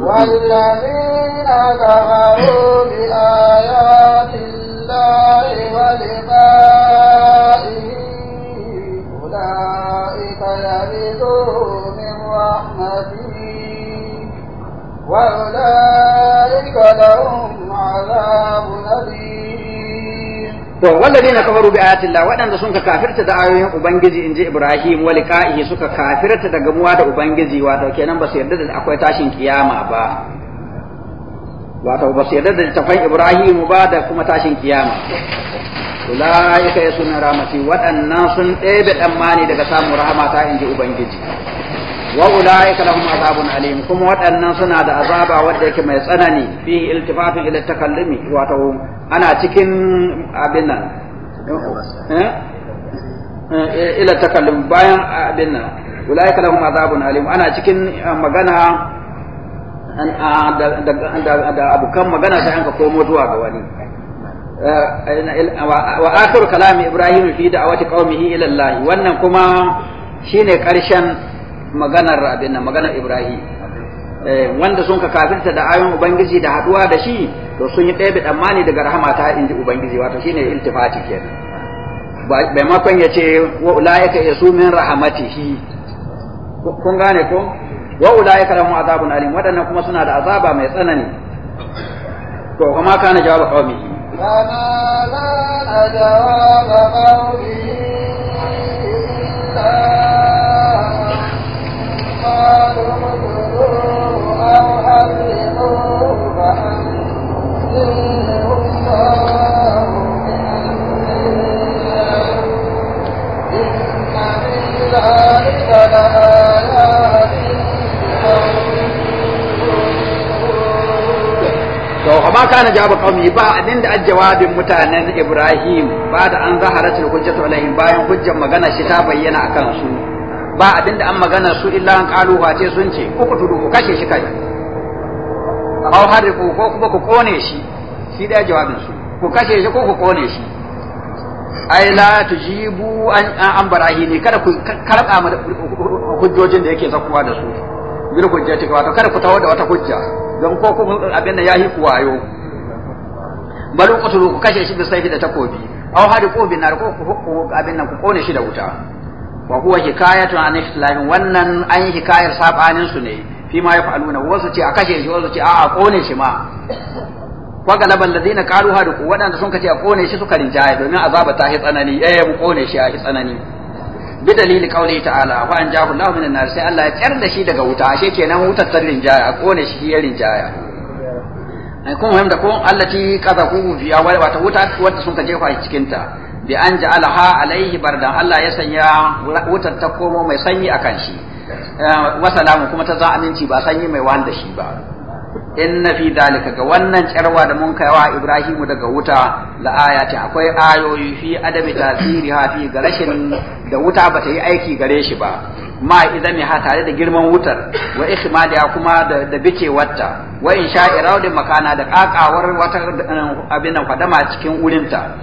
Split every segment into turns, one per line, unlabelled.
والذين كفروا بآياتنا
to walladina kafaru bi ayati Allah waɗanda sun ka kafirta da ayoyin ubangiji inji Ibrahim wa liqa'ihi suka kafirta da gamuwa da ubangiji wato kenan ba su yarda da akwai tashin kiyama ba wato ba su yarda da tafan Ibrahim ba da kuma tashin kiyama ulaika yasuna rahmati waɗannan sun ɗebe mani daga samun rahama ta inji ubangiji
wa ulaika lahum azabun
alim kuma waɗannan suna da azaba wanda yake mai tsanani fihi iltifatu ila takallumi wato ana cikin abin nan eh, eh, ila takallum bayan abin nan ulaika lahum azabun alim ana cikin eh, magana da abokan magana sai an ka komo zuwa ga wani wa akhiru kalami ibrahim fi da'awati qaumihi ila allah wannan kuma shine karshen maganar abin nan maganar Ibrahim eh, wanda sun ka kafirta da ayoyin ubangiji da haduwa da shi to sun yi ɗaya tsammani daga rahama ta inji ubangiji wato shine iltifati kenan bai makon ya ce wa ya yasu min rahamatihi kun gane ko wa ulaika lahum azabun alim wadannan kuma suna da azaba mai tsanani to kuma kana jawabu qaumi
la la
jawabu qaumi
ذلك
لآيات to amma jawab qaumi ba abin da ajjawabin mutanen Ibrahim ba da an ta hujjatu alaihim bayan hujjar magana shi ta bayyana akan su ba abin da an magana su illa an ba ce sun ce ku ku tudu ku kashe shi kai aw harifu ko kuma ku kone shi shi da jawabin su ku kashe shi ko ku kone shi ai la tujibu an an barahini kada ku karba mu hujjojin da yake zakuwa da su bil hujjati wato kada ku tawo da wata hujja don ko kun abin da yahi kuwayo bari ku ku kashe shi da saifi da takobi aw hadi ko bin nar ko ku abin nan ku kone shi da wuta wa huwa hikayatun an islamin wannan an hikayar sabanin su ne fi ma yaf'aluna wasu ce a kashe shi wasu ce a a kone shi ma wa galabal ladina qalu haduku wadanda sun kace a kone shi suka rinjaya domin azaba ta hi tsanani eh mu kone shi a hi tsanani bi dalili qauli ta'ala wa an jahu Allah minan nar sai Allah ya kyar da shi daga wuta ashe kenan wutar ta rinjaya a kone shi ya rinjaya ai kuma da ko allati qadaku fi awal wata wuta wata sun kace fa cikin ta bi an ja'alaha alaihi bardan Allah ya sanya wutar ta komo mai sanyi akan shi eh, wa salamu kuma ta za aminci ba sanyi mai wanda shi ba inna fi dalika ga wannan carwa da mun kaiwa Ibrahimu daga wuta la ayati akwai ayoyi fi adami tasiri ha fi ga da wuta ba ta yi aiki gare shi ba ma idan ha tare da girman wutar wa ihmaliha kuma da da bicewarta wa in da makana da kakawar wata um, abin fadama cikin urinta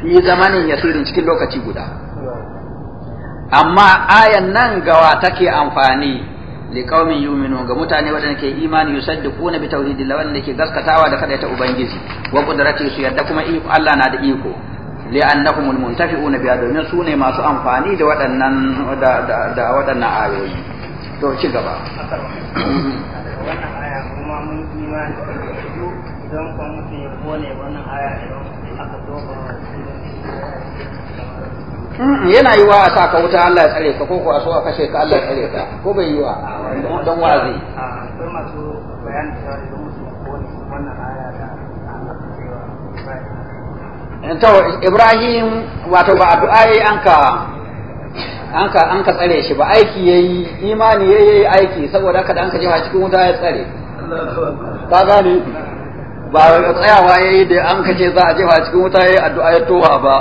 fi zamanin yasirin cikin lokaci guda amma ayan nan gawa take amfani liqaumin yu'minu ga mutane wadanda ke imani yusaddiquna bi tauhidillah wanda ke gaskatawa da kadaita ubangiji wa qudratihi su yadda kuma iko Allah na da iko li'annahum almuntafi'una bi domin su ne masu amfani da waɗannan da da waɗannan ayoyi to ci gaba wannan
aya kuma mun imani don kuma mutum ya kone wannan aya idan aka doka
yana yi wa a sa ka wuta Allah ya tsare ka ko ko a so a kashe ka Allah ya tsare ka ko bai yi wa don wazi
ah, akwai masu wannan aya da Allah cewa
to Ibrahim wato ba addu'a yayi an ka an ka an ka tsare shi ba aiki yayi imani yayi aiki saboda haka da an ka jefa cikin wuta ya tsare ka gane ba tsayawa ya da an kace za a jefa cikin wuta ya yi addu'a ya towa ba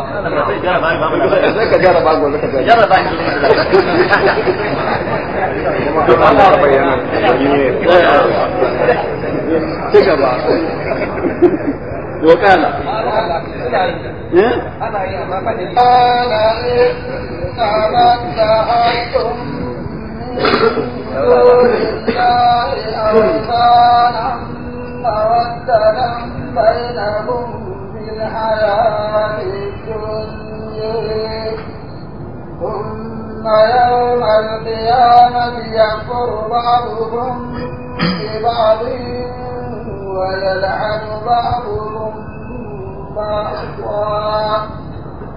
sai ka jarraba gobe ka jarraba ci gaba وقال
قال تمتعتم من دون الله أوثانا مودة بينهم في الحياة الدنيا ثم يوم القيامة يكفر بعضهم ببعض ويلعن بعضهم بعضا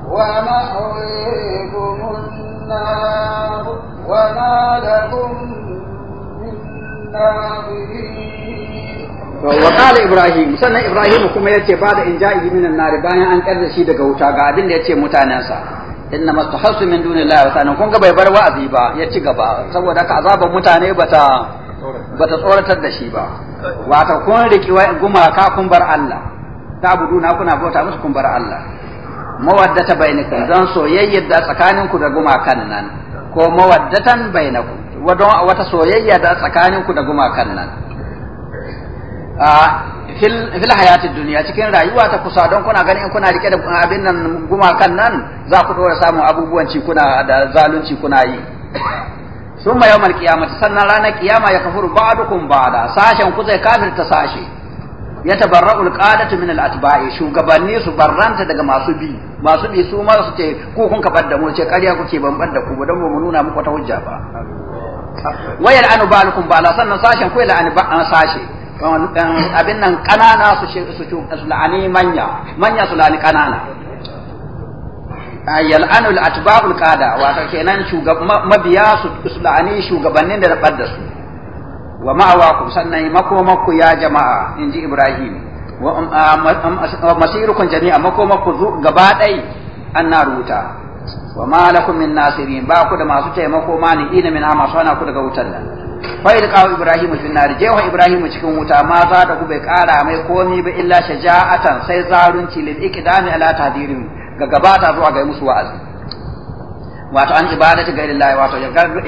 ومأويكم النار وما لكم من ناظرين wa qala ibrahim sannan ibrahim
kuma yace ba da in inja'i minan nar bayan an karda shi daga wuta ga abin da yace sa inna mastahasu min dunillahi wa sanan kun ga bai bar wa'azi ba ya ci gaba saboda ka azaban mutane bata bata tsoratar da shi ba wato kun riki gumaka kun bar Allah ta na kuna bauta musu kun bar Allah mawaddata bainakum dan soyayya da tsakaninku da gumakan nan ko mawaddatan bainakum wadon wata soyayya da tsakaninku da gumakan nan fil hayatid duniya cikin rayuwa ta kusa don kuna ganin in kuna rike da abin nan gumakan nan za ku dora samun abubuwan ci kuna da zalunci kuna yi summa yawmal qiyamati sannan ranar kiyama ya kafuru ba'dukum ba'da sashen ku zai ta sashe ya tabarra'u alqadatu min al-atba'i shugabanni su barranta daga masu bi masu bi su ma su ce ku kun kabar da mu ce ku kuke ban da ku ba don mu nuna muku ta hujja ba wayal anu balukum ba'da sannan sashen ku la'ani ba'an sashe abin nan kanana su ce su la'ani manya manya su la'ani kanana ayyal anul atbaul qada ta kenan mabiya su la'ani shugabannin da rabar da su wa ku sannan makomaku ya jama'a inji ibrahim wa um, um, masirukum jami'a makomaku gaba dai an na ruta wa ma lakum min nasirin ba ku da masu taimako ma ni ina min sana ku daga wutar nan fa'il ilqahu ibrahim fil nar jewa ibrahim cikin wuta ma za da bai kara mai komi ba illa shaja'atan sai zarunci lil iqdami ala tadirin ga gabata zuwa ga musu wa'azi wato an ibadati ga lillahi wato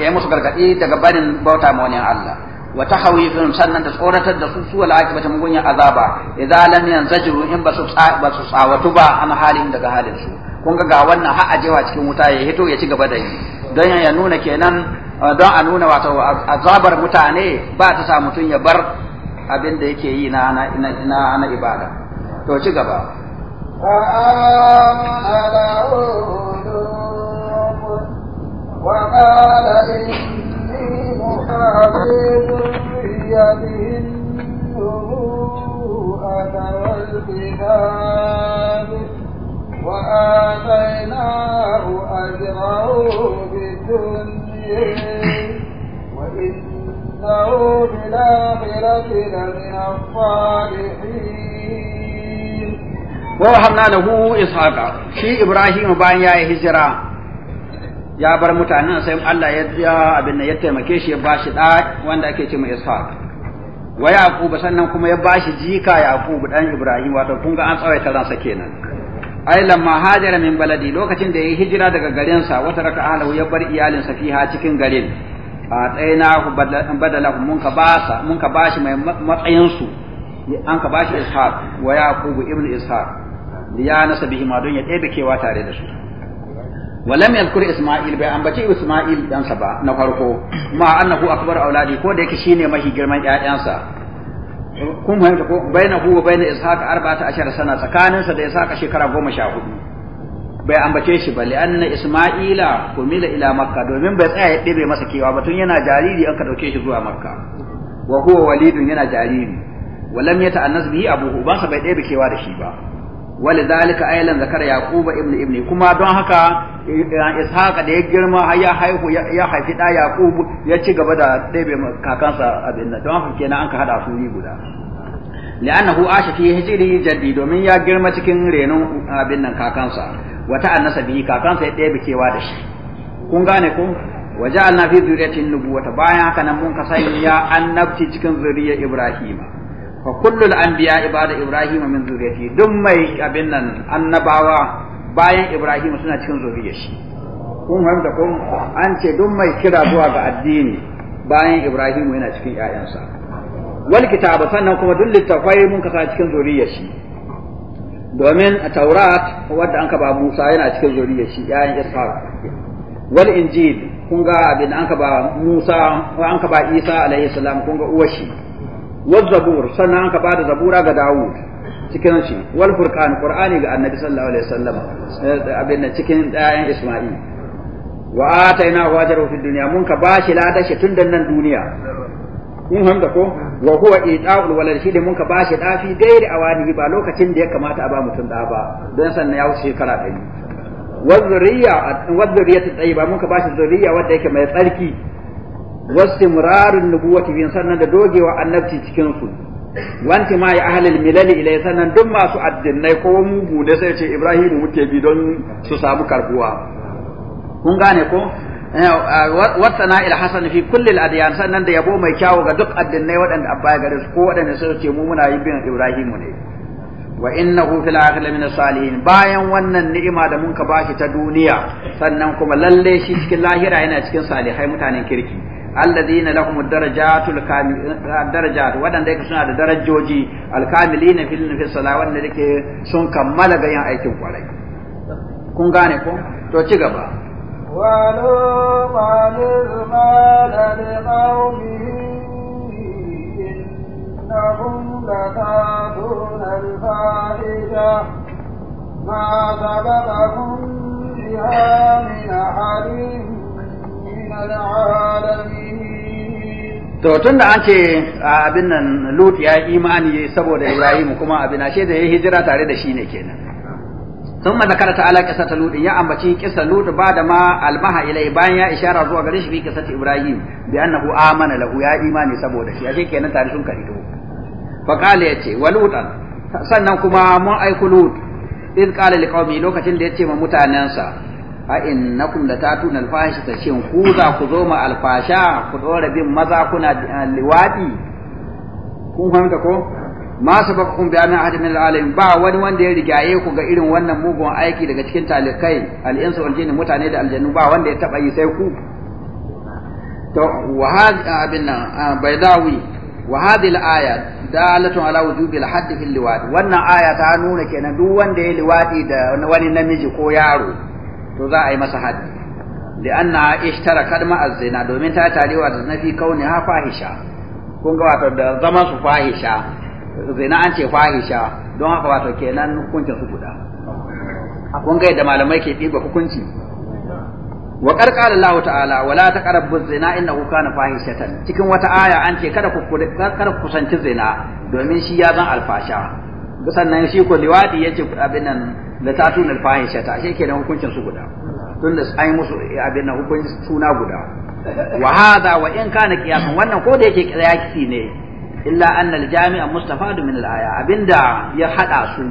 ya musu gargadi daga barin bauta ma wani Allah wa sun sannan da tsoratar da su ta akibata mugunya azaba Idan lam yanzajiru in ba su ba su tsawatu ba an halin daga halin su kun ga ga wannan har cikin wuta ya hito ya ci gaba da yi don ya nuna kenan Eh, don a nuna wato azabar mutane ba ta sa mutum ya bar abin da yake yi na na ibada to ci gaba
وقال إني محاضر بيده النبوءة والكتاب وآتيناه أجره بالدنيا وإنه بالآخرة لمن الصالحين ووهبنا له إسحاق شي إبراهيم
بان hijira, ya bar mutanen sai Allah ya abin ya taimake shi ya bashi da wanda ake cewa Ishaq wa Yaqub sannan kuma ya bashi jika Yaqub dan Ibrahim wato kun ga an tsawaita ransa kenan ai lamma hajara min baladi lokacin da ya hijira daga garinsa wata raka alahu ya bar iyalinsa fiha cikin garin a tsayina ku badala mun ka basa mun ka bashi mai matsayin su an ka bashi ishaq wa yaqub ibn ishaq ya nasa ma don ya ɗebe kewa tare da su lam yadhkur isma'il bai ambaci isma'il dan sa ba na farko ma annahu akbar auladi ko da yake shine mahi girman ƴaƴansa kun fahimta ko baina hu wa baina ishaq 14 sana tsakanin sa da ishaq shekara 14 bai ambace shi ba li'anna isma'ila kumila ila makka domin bai tsaya ya ɗebe masa kewa ba tun yana jariri an ka dauke shi zuwa makka wa huwa walidun yana jariri wa lam yata'annas bihi abuhu ubansa bai ɗebe kewa da shi ba ولذلك ايضا Zakar يعقوب ابن ابني kuma don haka اسحاق da ya girma har ya haihu ya haifi da yaqub ya ci gaba da ɗebe kakansa abin nan don haka kenan an ka hada su ni guda li'annahu asha fi hijri jaddi domin ya girma cikin renon abin nan kakansa wa ta'annasa bihi kakansa ya ɗebe cewa da shi kun gane ko waja'alna fi zuriyatin nubuwata bayan haka nan mun ka sanya annabci cikin zuriyar ibrahima fa kullul anbiya ibada ibrahim min zuriyati duk mai abin nan annabawa bayan ibrahim suna cikin zuriyar shi kun fahimta kun an ce duk mai kira zuwa ga addini bayan ibrahim yana cikin ƴaƴansa wal kitabu sannan kuma duk littafai mun kasa cikin zuriyar shi domin a taurat wadda an ba musa yana cikin zuriyar shi ƴaƴan ishaq wal injil kun ga abin an ba musa ko an ba isa alaihi salam kun ga uwar shi wa zabur sannan an ka bada zabura ga Dawud cikin shi wal furqan qur'ani ga annabi sallallahu alaihi wasallam eh, abin nan cikin ɗayan Isma'il wa ataina wajaru fid dunya mun ka bashi shi tun da nan duniya mun hamda ko wa huwa ita'ul walad shi da mun ka bashi dafi gairi awani ba lokacin da ya kamata a ba mutum da ba don sannan ya wuce shekara ɗari wa zuriya wa zuriyatu tayyiba mun ka bashi zuriya wanda yake mai tsarki wastimrarun nubuwati fi sannan da dogewa annabci cikin su wanti ma ya ahlil milali ilai sannan duk masu addinai ko mugu ne sai ce Ibrahim muke bi don su samu karbuwa kun gane ko wasana ila hasan fi kulli al-adyan sannan da yabo mai kyawu ga duk addinai waɗanda abba gare su ko waɗanda sai ce mu muna yin bin Ibrahim ne wa innahu fil akhirati min salihin bayan wannan ni'ima da mun ka bashi ta duniya sannan kuma lalle shi cikin lahira yana cikin salihai mutanen kirki alladhina lahum ad-darajatul ad-darajat wadanda yake suna da darajoji al-kamilina fil fi salah wanda yake sun kammala ga yin aikin kwarai kun gane ko to ci gaba
ولوط إذ قال لقومه إنكم لتأتون الفاحشة ما سبقكم بها من أحد
to tun da an ce abin nan lut ya yi imani saboda ibrahim kuma abin ashe da ya hijira tare da shi ne kenan sun ma zakara ta'ala kisa ta lut ya ambaci kisa lut ba da ma albaha ilai bayan ya ishara zuwa gare shi kisa ta ibrahim bi annahu amana lahu ya imani saboda shi ashe kenan tare sun karido fa qala ya wa walutan sannan kuma mun aiku lut iz qala liqawmi lokacin da yace ma mutanansa a innakum latatuna alfahishata shin ku za ku zo ma alfasha ku dora bin maza kuna eh, liwadi kun fahimta ko ma sabakum bi anna ahad min alalim ba wani wanda ya rigaye ku ga irin wannan mugun aiki daga cikin talikai al'insu wal jinni mutane da aljannu ba wanda ya taba yi sai ku to wa hadha ah, abin nan ah, baydawi wa hadhihi al-aya dalatu ala wujubi al-hadd fi al-liwad wannan aya ta nuna kenan duk wanda ya liwadi da wani namiji ko yaro to za a yi masa haddi Da li'anna tara ma'a zina domin ta tarewa da zina fi kauni ha fahisha kun ga wato da zaman su fahisha zina an ce fahisha don haka wato kenan hukuncin su guda kun ga yadda malamai ke ɗiba hukunci wa qarqala Allah ta'ala wala taqrabu zina innahu kana fahishatan cikin wata aya an ce kada ku kada ku kusanci zina domin shi ya zan alfasha sannan shi ko liwadi yace abin nan da ta tuna alfahisha ta ashe kenan hukuncin su guda tun da an yi musu abin nan hukuncin suna guda wa hada wa in kana qiyasan wannan ko da yake qiyasi ne illa anna al-jami'a mustafadu min al-aya abinda ya hada su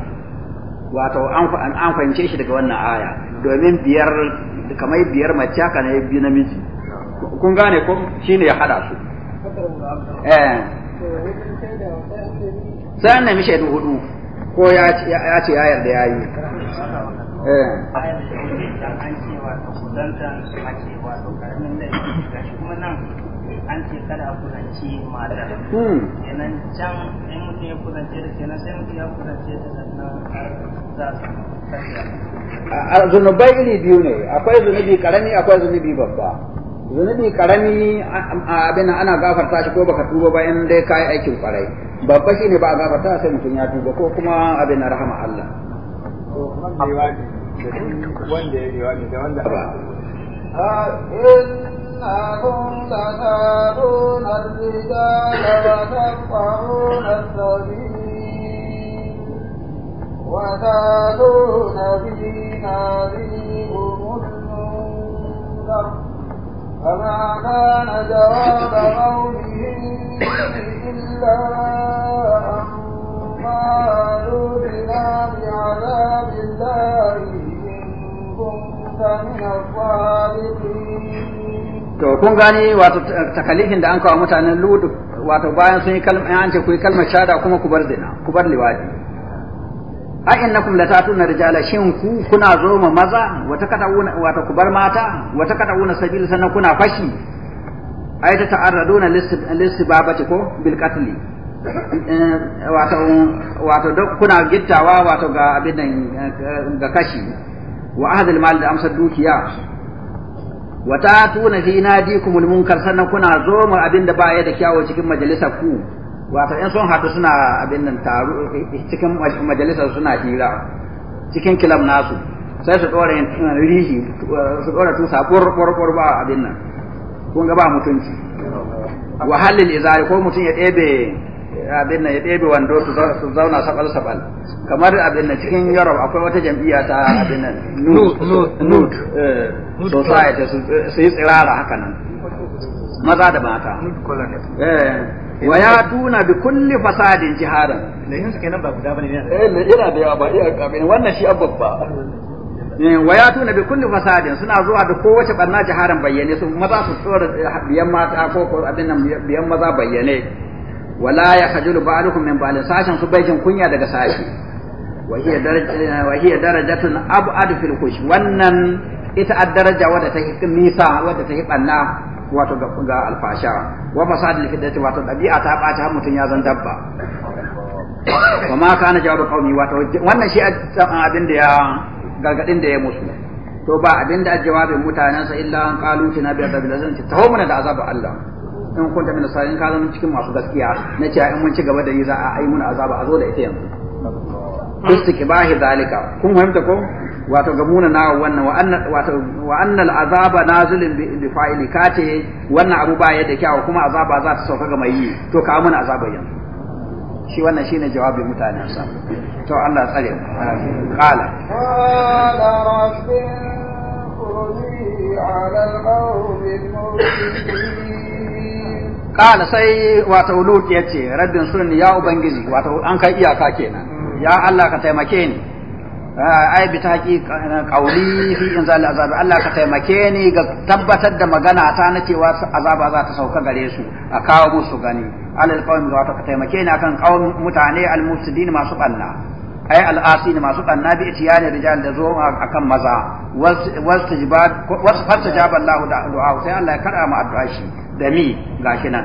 wato an an fahimce shi daga wannan aya domin biyar kamar biyar mace ka ne biyu namiji kun gane ko shine ya hada su
eh sai
annabi nemi shaidu hudu ko ya ce ya yarda ya yi an ce kada a kusanci mata kenan
can in mutum ya kusance da kenan sai mutum ya kusance da sannan za
su zunubai iri biyu ne akwai zunubi karami akwai zunubi babba zunubi karami abin ana gafarta shi ko baka tuba ba in dai kai aikin kwarai babba shine ne ba a gabata sai mutum ya tuba ko kuma abin na rahama Allah.
Wanda إنكم تثارون الرجال وتقطعون السبيل وتالون في ناديكم المنكر فما كان جواب قومه إلا أن قالوا بنا بعذاب الله إن كنت من الصادقين
to kun gani wato takalifin da an kawo mutanen ludu wato bayan sun yi kalma an ce ku yi kalmar shada kuma ku bar zina ku bar liwadi a innakum latatuna rijala shin ku kuna zo ma maza wata katawuna wata kubar mata wata katawuna sabil sannan kuna fashi ay ta ta'arraduna lisibabati ko bil qatli eh, wato wato kuna gittawa wato ga abin nan ga kashi wa ahdil mal da amsar dukiya wa tuna fi nadikumul munkar sannan kuna zo ma abin da ba ya da kyawu cikin majalisar ku wato in sun haɗu suna abin nan taru cikin majalisar suna hira cikin kilab nasu sai su ɗora eh, rihi eh, su ɗora tusa ƙwarƙwarƙwar ba abin nan kun ga ba mutunci wahalin izari ko mutum ya ɗebe abin nan ya ɗebe wando su zauna sabal sabal kamar abin nan cikin yarab akwai wata jam'iyya ta abin nan nude eh, society su yi tsirara haka nan maza da mata eh wa ya tuna bi kulli fasadin jiharan lahin su kenan ba guda bane ne eh ina da yawa ba iya kamin wannan shi abba eh, wa ya tuna bi kulli fasadin suna zuwa da kowace barna jiharan bayyane su maza su tsora biyan mata ko ko abin nan biyan maza bayyane wala ya khajulu ba'alukum min ba'al sashan su bai jin kunya daga sashi wa hiya daraja wa hiya darajatun ab'ad fil khush wannan ita ad daraja wadda ta nisa wadda ta barna wato ga alfasha wa fasad li fiddati wato dabi'a ta bata har mutun ya zan dabba wa ma kana jawabu qaumi wato wannan shi abin da ya gargadin da ya musu to ba abin da jawabin mutanen sa illa an qalu fi nabi da azan ta tawmuna da azabu Allah in kunta min sa'in ka zama cikin masu gaskiya na ce in mun ci gaba da yi za a ai mun azaba a zo da ita yanzu istiqbahi zalika kun fahimta ko wato ga muna na wannan wa anna wato wa anna al'azaba nazilin bi fa'ili kace wannan abu ba yadda kyawu kuma azaba za ta sauka ga mai yi to ka mana azaba yanzu shi wannan shine jawabin mutanen sa to Allah ya tsare qala qala
rabbin ala
qala sai wato lut yace rabbin sunni ya ubangiji wato an kai iyaka kenan hmm. ya Allah ka taimake ni Ah, ai bi ta haƙi ƙauli fi in zali azabi Allah ka taimake ni ga tabbatar da magana ta na cewa azaba za ta sauka gare su a kawo musu gani alal qawmi wato ka taimake ni akan qawm mutane al mufsidin masu banna ai al asin masu banna bi itiyani rijal da zo akan maza wastajibad wastajaba Allah da du'a sai Allah ya karama addu'a shi da mi gashi nan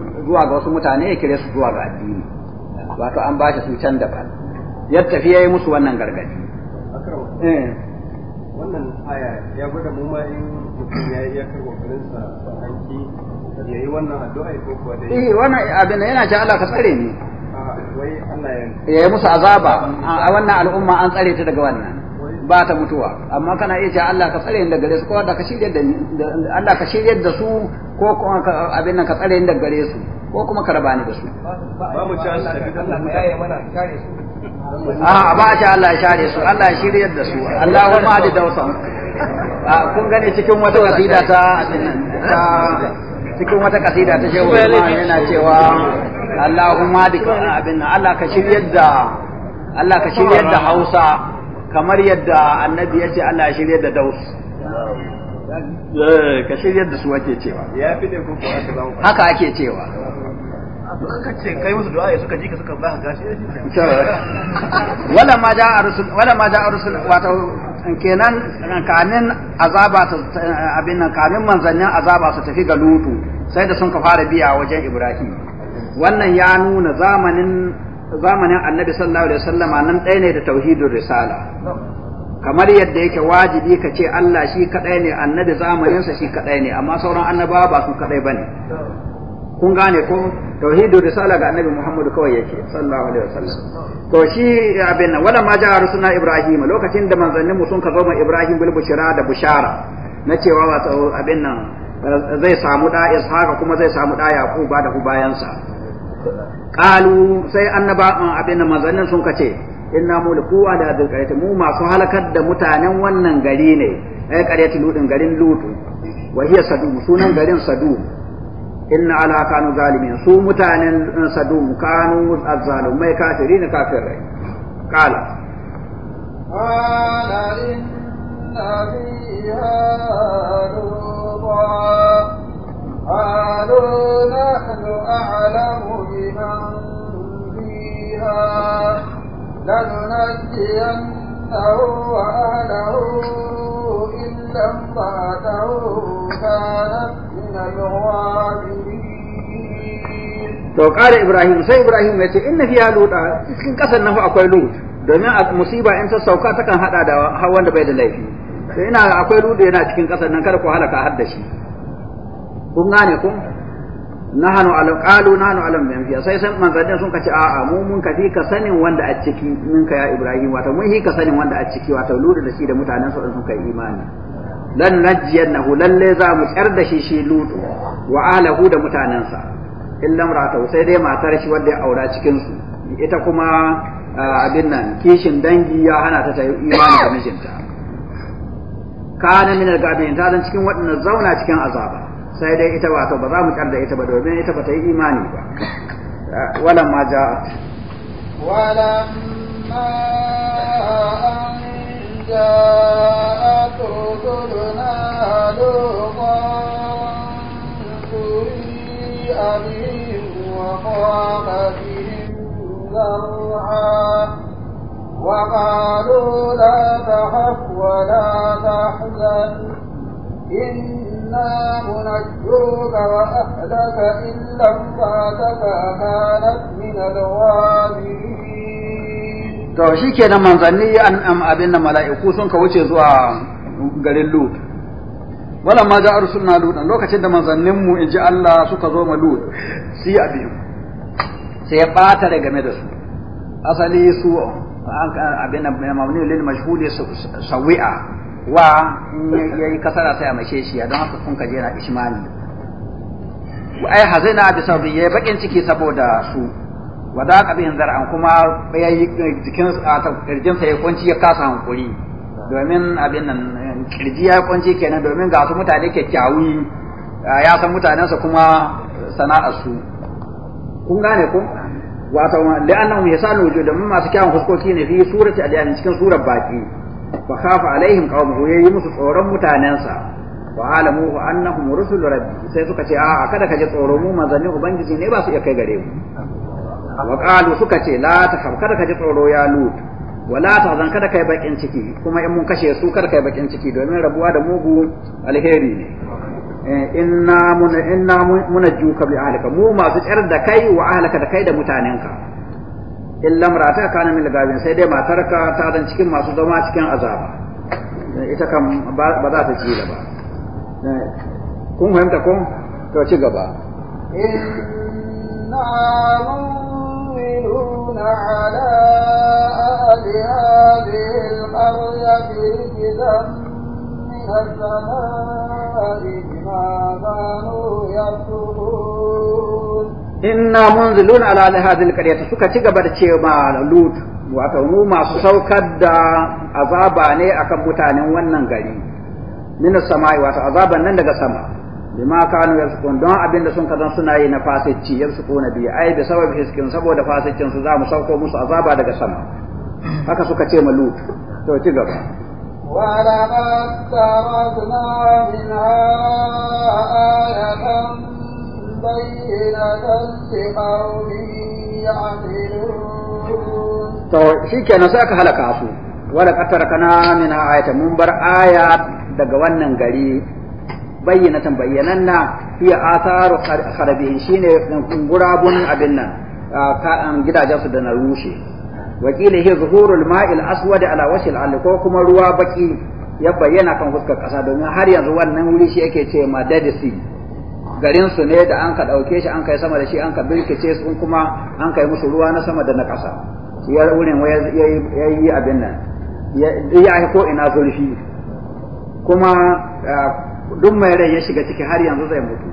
zuwa ga wasu mutane ya kire su zuwa ga addini wato an ba shi su can ban ya tafi yi musu wannan gargadi
eh. wannan aya ya gwada mu ma in mutum ya yi ya hanki ya yi wannan addu'a ko
kuwa eh, wannan abin yana ce Allah ka tsare ni
ya yi musu azaba a wannan al'umma an tsare
ta daga wannan ba ta mutuwa amma kana iya ce Allah ka tsare ni daga su ko da ka shirya da Allah ka shirya da su ko kuma ka abin nan ka tsare ni gare su ko kuma ka raba ni da su
ba mu ci Allah ya mana share su
a ba ci Allah ya share su Allah ya da su Allahu ma da dausan kun gane cikin wata kasida ta cikin wata kasida ta shehu yana cewa Allahumma da abin Allah ka shiryar da Allah ka shirya da Hausa kamar yadda annabi ya ce Allah ya shirye da Daus Eh, ka shirya da su ake cewa ya fi ne ko haka cewa ka suka ka gashi ma ja kenan kanin azaba ta su tafi ga lutu sai da sun fara biya wajen ibrahim wannan ya nuna zamanin zamanin annabi sallallahu alaihi wasallama nan ɗaya ne da Tauhidur risala kamar yadda yake wajibi ka ce Allah shi kadai ne annabi zamaninsa shi kadai ne amma sauran annabawa ba su kadai bane kun gane ko tauhidu risala ga annabi Muhammad kawai yake sallallahu alaihi wasallam to shi abin wala ma ja rusuna ibrahim lokacin da manzannin mu sun ka zo ma ibrahim bil bushara da bushara na cewa wato abin nan zai samu da ishaqa kuma zai samu da yaquba da bayansa qalu sai annaba abin nan manzannin sun ka ce inna muliku da hadhihi qaryati mu masu halakar da mutanen wannan gari ne ai eh, qaryati ludin garin lutu wa hiya sadum sunan garin sadum inna ala kanu zalimin su mutanen eh, sadum kanu azzalumai kafirin kafirai qala
qala inna fiha قالوا نحن أعلم بمن فيها لننجينه وأهله إلا امرأته كانت من الغابرين
to kare ibrahim sai ibrahim ya ce inna fiya luda cikin kasar nan akwai lut domin a musiba in ta sauka takan hada da wanda bai da laifi sai ina akwai lut yana cikin kasar nan kada ku halaka har da shi kun gane kun nahanu alam qalu nahanu alam bi anbiya sai san manzannin sun kace a'a mu mun ka fi ka sanin wanda a ciki mun ka ya ibrahim wato mun hi ka sanin wanda a ciki wato ludu da shi da mutanen su da suka yi imani lan najiyannahu lalle za mu tsar da shi shi ludu wa alahu da mutanensa illam rata sai dai matar shi wanda ya aura cikin su ita kuma abin nan kishin dangi ya hana ta ta imani da mijinta kana min al gabin ta dan cikin waɗannan zauna cikin azaba sai dai ita wato ba za mu kar da ita ba domin ita ba ta yi imani ba Wala ma ja'at
Wala ma an ja'at rusuluna luqan وقالوا لا تخف ولا تحزن إنا منجوك وأهلك إلا امرأتك كانت من الغابرين
to shi ke kenan manzanni an am abin da mala'iku sun ka wuce zuwa garin Lut wala ma ja'a na Lut lokacin da manzannin mu inji Allah suka zo ma Lut si abin sai ya bata da game da su asali su an abin da mamnu lil mashhudi sawi'a wa in yayi kasara sai a mashe shi don haka kun kaje na ishmani ai hazina bi sabbi yayi bakin ciki saboda su wa da ka bin zar'an kuma yayi jikin kirjin sa ya kwanci ya kasa hankuri domin abin nan kirji ya kwanci kenan domin ga su mutane kyakkyawi ya san mutanen sa kuma sana'ar su kun gane ko wato la'annahu yasanu wujudan masu kyawun fuskoki ne fi surati al-yamin cikin surar baqi fa khafa alaihim qawmuhu yayi musu tsoron mutanensa wa alamu annahum rusul rabbi sai suka ce a'a kada ka ji tsoro mu manzanni ubangiji ne ba su iya kai gare mu wa qalu suka ce la takhaf kada ka ji tsoro ya lut wala tahzan kada kai bakin ciki kuma in mun kashe su kada kai bakin ciki domin rabuwa da mugu alheri ne eh, inna mun inna najuka bi ahlika mu masu tsar da kai wa ahlaka da kai da mutanenka illa mar'ata kana min lagabin sai dai matarka ta dan cikin masu zama cikin azaba ita kan ba za ta ci ba kun fahimta kun to ci gaba
inna mu'minuna ala ahli hadhihi al-qaryati rijzan min as-samaa'i bima kanu yaqulun
inna munzilun ala hadhihi alqaryati suka ci gaba da cewa lut wato mu masu saukar da azaba ne akan mutanen wannan gari min samai wato azaban nan daga sama bima kanu yasqun don abin sun kazan suna yi na yansu yasquna bi ai da sabab hiskin saboda fasiccin su za mu sauko musu azaba daga sama haka suka ce ma lut to ci gaba
to
shi kenan sai aka halaka su wala qatar kana min ayata mun bar aya daga wannan gari bayyanatan bayyananna asaru atharu shi shine gurabun abin nan gidajen su da na rushe Wakili hi zuhurul ma'il aswad ala washil al ko kuma ruwa baki ya bayyana kan fuskar ƙasa, domin har yanzu wannan wuri shi yake ce ma dadisi garin su ne da an ka ɗauke shi an kai sama da shi an ka birkice su kuma an kai musu ruwa na sama da na ƙasa ya wurin ya yi abin nan ya yi ko ina zurfi kuma duk mai rai ya shiga ciki har yanzu zai mutu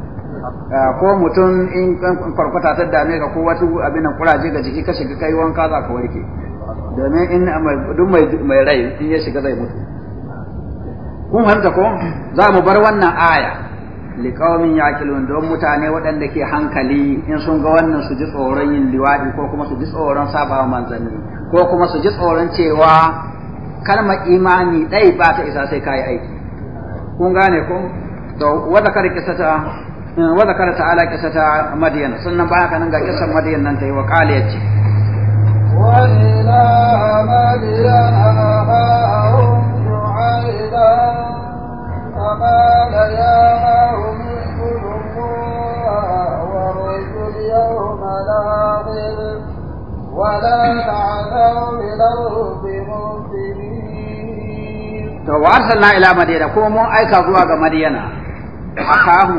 ko mutum in kwarkwata ta dame ka ko wasu abin nan kuraje ga jiki ka shiga kai wanka za ka warke domin in duk mai rai in ya shiga zai mutu kun fahimta ko za mu bar wannan aya liƙaumin yaƙilun don mutane waɗanda ke hankali in sun ga wannan su ji tsoron yin liwaɗi ko kuma su ji tsoron sabawa manzanni ko kuma su ji tsoron cewa kalma imani ɗai ba ta isa sai kayi aiki kun gane ko to wanda kare kisata wanda kare ta'ala kisata madiyan sannan ba haka nan ga kisan madiyan nan ta yi wa ƙali ya ce
وإلى مدين أخاهم شعيبا فقال يا العظيم ولا تعثوا في الأرض مفسدين وأرسلنا إلى
مدينة كومو أيكا aka مدينة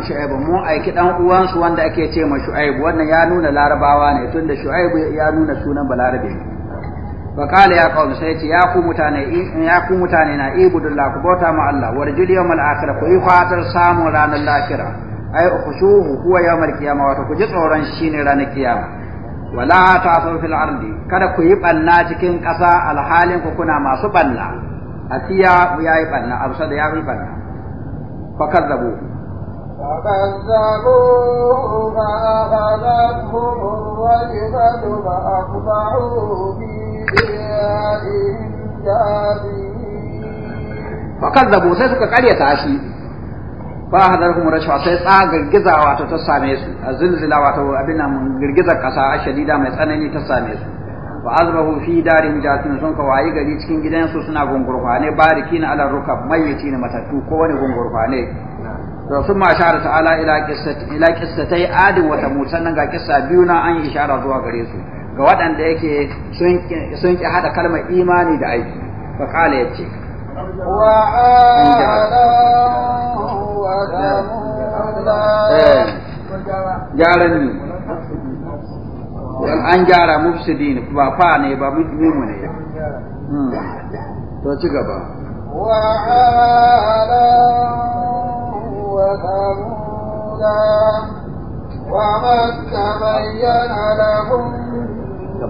shu'aibu mu aiki dan uwansu wanda ake ce ma shu'aibu wannan ya nuna larabawa ne tunda shu'aibu ya nuna sunan balarabe fa qala ya qaum sai ce ya ku mutane in ya ku mutane na ibudullah ku bauta ma Allah warjul yawmal akhir ku yi fatar samun ranar lahira ay khushuhu huwa yawmal qiyamah wato ku ji tsoron shine ranar kiyama wala ta'thaw fil ardi kada ku yi banna cikin ƙasa alhalin ku kuna masu banna asiya ya yi banna abusa da ya banna fa kazzabu
فكذبوه فأخذتهم الرجفة فأصبحوا في ديارهم جاثمين
فكذبوا سيسك قرية fa kuma rashwa sai tsaga girgiza wato ta same su azilzila wato abin mun girgizar kasa a shadida mai tsanani ta same su wa azrahu fi darin jatin sun ka wayi gari cikin gidansu suna ne? bariki na ala rukab mayyiti ne matattu ko wani ne? to sun ma shara ta'ala ila qissati ila qissatai adin wa tamut sannan ga kissa biyu na an yi ishara zuwa gare su ga waɗanda yake sun sun ki hada kalmar imani da aiki fa qala yace wa gyaran ne an gyara mufsidi ne ba fa ne ba mimu ne hmm. to ci gaba
ومن تبين لهم وبين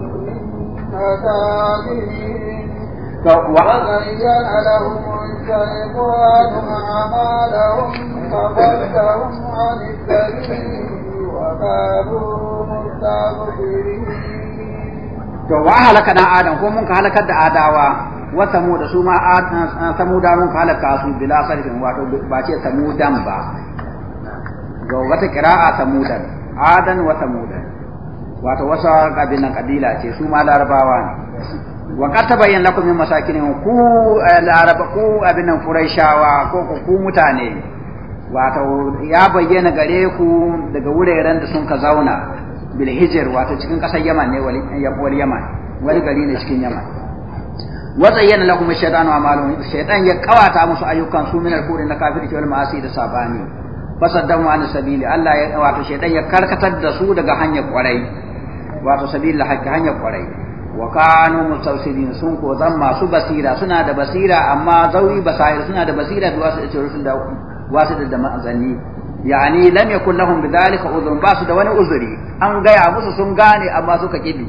لهم الشيطان أعمالهم فضلهم عن
to wa halaka dan adam ko mun ka halakar da adawa wa da su ma eh, da mun ka halaka su bila sarfin wato ba ce dan ba ga wata kira'a dan adan wa dan wato wasa kabilan kabila ce su ma larabawa ne wa qad tabayyana lakum min masakinin ku eh, larabaku abinan furaishawa ko ku mutane wato ya bayyana gare ku daga wuraren da sun ka zauna bil hijr wato cikin kasar yaman ne wali wali yaman wani gari ne cikin yaman wa zayyana lahum ash-shaytanu a'malahum shaytan ya kawata musu ayyukan su min al-kufri na ki wal ma'asi da sabani fasaddamu an sabili Allah ya wato shaytan ya karkatar da su daga hanyar kwarai wato sabili hakki hanyar kwarai wa kanu mustawsirin sun ko zan masu basira suna da basira amma zawi basair suna da basira da wasu ce rusul da wasu da manzanni yani lam yakun lahum bidhalika udhun ba su da wani uzuri an gaya musu sun gane amma suka kibi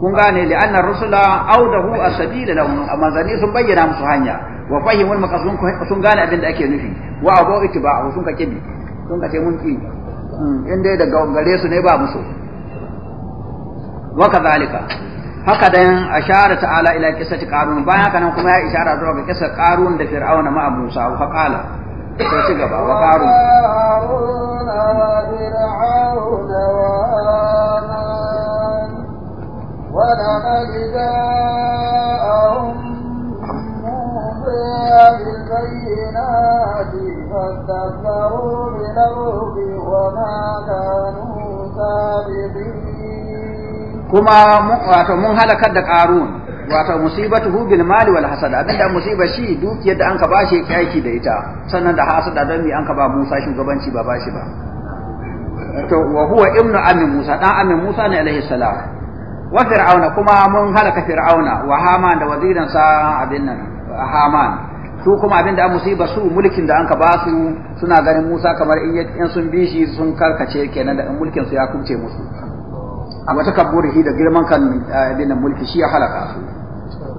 kun gane li anna rusula awdahu as-sabil lahum manzanni sun bayyana musu hanya wa fahimul maqasun sun gane abin da ake nufi wa abu ittiba'u sun ka kibi sun ka ce mun ki hmm, in dai daga gare su ne ba musu wa kadhalika haka dan ashara ta'ala ila qissati qarun bayan haka nan kuma ya ishara zuwa ga qissar da fir'auna ma Musa fa qala sai ci gaba wa
فاستكبروا وما كانوا سابقين
kuma wato mun halakar da qarun wato musibatuhu bil mali wal hasad abinda musiba shi dukiyar da anka bashi yake aiki da ita sannan da hasada dan mi anka ba Musa shugabanci ba bashi ba to wa huwa ibnu ammi Musa dan ammi Musa ne alaihi salam wa fir'auna kuma mun halaka fir'auna wa haman da wazirin sa abin nan haman su kuma abinda an musiba su mulkin da anka ba su suna ganin Musa kamar in sun bi shi sun karkace kenan da mulkin su ya kunce musu amma takabburihi da girman kan dinan eh, mulki shi ya halaka su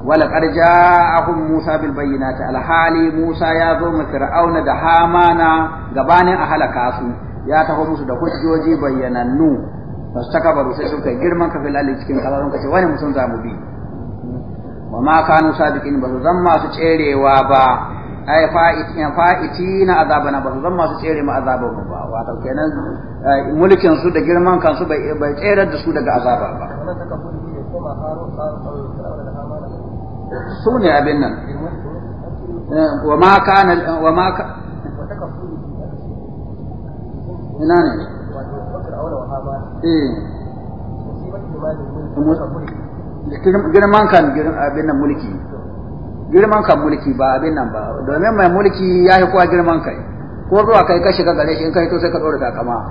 wala qad ja'ahum musa bil bayyinati al hali musa ya zo mu fir'auna da hamana gabanin a halaka su ya taho musu da hujjoji bayyanannu bas kabaru sai suka girman ka fil cikin kalarun kace wani mutum za mu bi wa ma kanu sabiqin ba su zan masu cerewa ba ai fa'itina azabana ba zan masu tsere mu azabar mu ba wato kenan eh, mulkin su da girman kansu bai bai tsere da su daga azaba ba
sune abin nan eh, wa ma kana wa ma ka ina ne
eh girman kan abin nan mulki girman kan mulki ba abin nan ba domin mai mulki ya yi kuwa girman kai ko zuwa kai ka shiga gare shi in kai to sai ka ɗora takama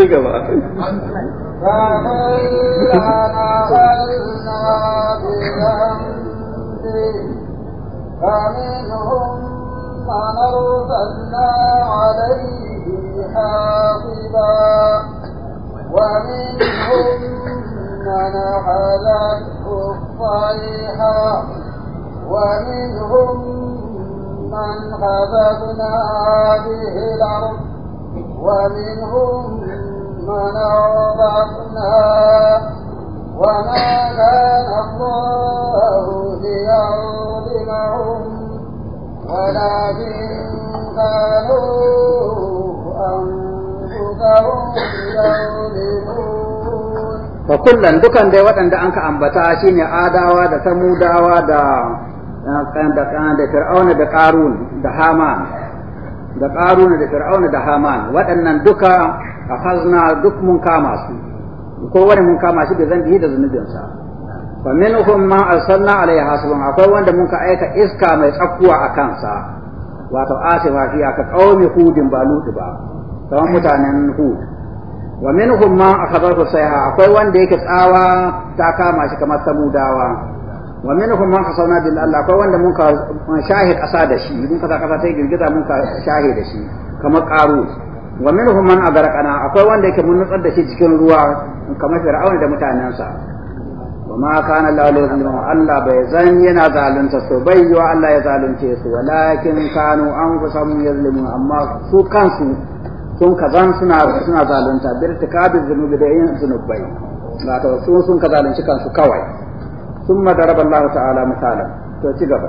kama ya فمنهم من أرسلنا عليه حاصبا ومنهم من أخذته الصيحة ومنهم من خسفنا به الأرض ومنهم ثمنا وضعنا وما كان الله ليعلمهم ولكن كانوا أنفسهم
fa kullum dukan dai waɗanda an ka ambata shine adawa da samudawa da da da fir'auna da karun da haman da da fir'auna da haman duka akhazna duk mun kama su ko wani mun kama shi da zambi da zunubinsa fa minhum ma arsalna alaihi hasibun akwai wanda mun ka aika iska mai tsakkuwa a kansa wato asifa fi aka qaumi hudin ba lutu ba kamar mutanen hud wa minhum ma akhadahu sayha akwai wanda yake tsawa ta kama shi kamar samudawa wa minhum ma hasana bil Allah akwai wanda mun ka kasa da shi mun ta girgiza mun ka shahi da shi kamar qarus wa minhum man agarqana akwai wanda yake mun nutsar da shi cikin ruwa kamar fir'auna da mutanensa wa ma kana la ilaha illa Allah bai zan yana zalunta su bai yi wa Allah ya zalunce su walakin kanu samu yuzlimu amma su kansu sun kazan suna suna zalunta bi irtikabi dhunubi da yin zunubai ta su sun ka zalunci kansu kawai thumma daraba Allah ta'ala misalan to ci gaba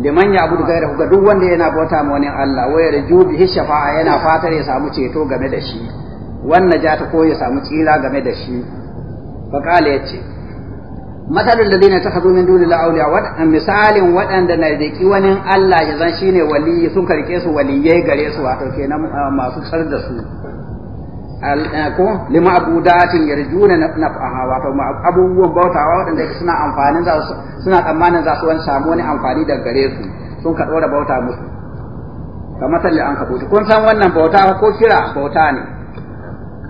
liman ya abudu gaira ga duk wanda yana bauta ma wani Allah waya da jubi shafa'a yana fatar ya samu ceto game da shi wannan ja ta koyi samu tsira game da shi fa qala yace matalul ladina takhadhu min duni awliya wa misalin wadanda na riki wani Allah ya zan shine waliyi sun karke su waliyai gare su wato kenan ah, masu tsar da su Eh, ko lima abudatin yarjuna naf'aha wato abubuwan bautawa waɗanda suna amfanin za su suna tsammanin za su wani samu wani amfani daga gare su sun ka ɗora bauta musu kamar talli an kabuta kun san wannan bauta ko kira bauta ne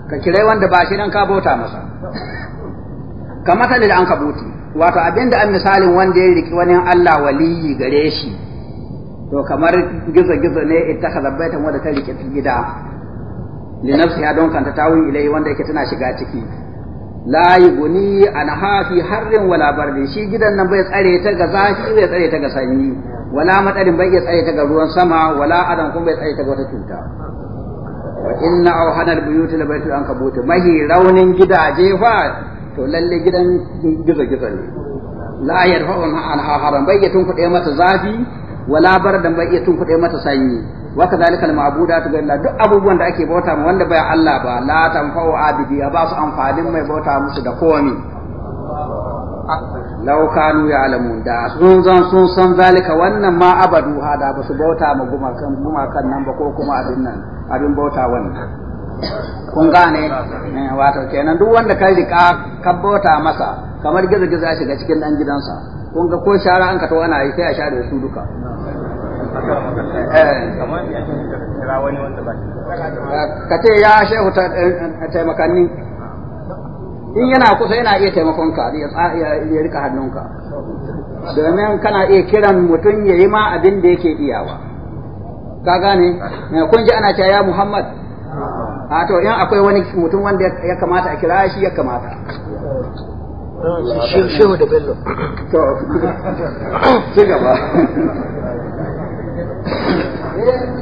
ka kirai wanda ba shi nan ka bauta masa kamar talli an kabuti wato abinda an misalin wanda ya riki wani Allah waliyi gare shi to kamar gizo-gizo ne ita ka zabbaitan wanda ta riƙe gida li nafsiha don ta tawi ilai wanda yake tana shiga ciki la yuguni anha hafi harrin wala bardin shi gidan nan bai tsare ta ga zafi bai tsare ta ga sanyi wala madarin bai tsare ta ga ruwan sama wala adam kuma bai tsare ta ga wata cuta wa inna awhanal buyuti la baytul ankabut mahi raunin gidaje fa to lalle gidan gizo gizo ne la yarfa'u an haharan bai tun tunkuɗe mata zafi wala bardan bai tun tunkuɗe mata sanyi wa kadhalika al ma'budatu ga duk abubuwan da ake bauta ma wanda baya Allah ba la tanfa'u abidi ba su amfanin mai bauta musu da komi law kanu ya'lamun da sun zan sun san zalika wannan ma abadu hada ba su bauta ma gumakan gumakan nan ba ko kuma abin nan abin bauta wannan
kun gane eh,
wato kenan duk wanda kai rika ka bauta masa kamar gizo-gizo ya shiga cikin dan gidansa kun ga ko shara an ka to ana yi sai a share su duka Eh, ka ce ya shehu ta eh, eh, taimakanni in yana kusa yana iya taimakonka ya rika hannunka domin kana iya kiran mutum ya yi ma abin da yake iyawa ka gane kun ji ana cewa ya muhammad a ah, to in akwai wani mutum wanda ya kamata a kira shi ya kamata shehu da bello to ci gaba To, inna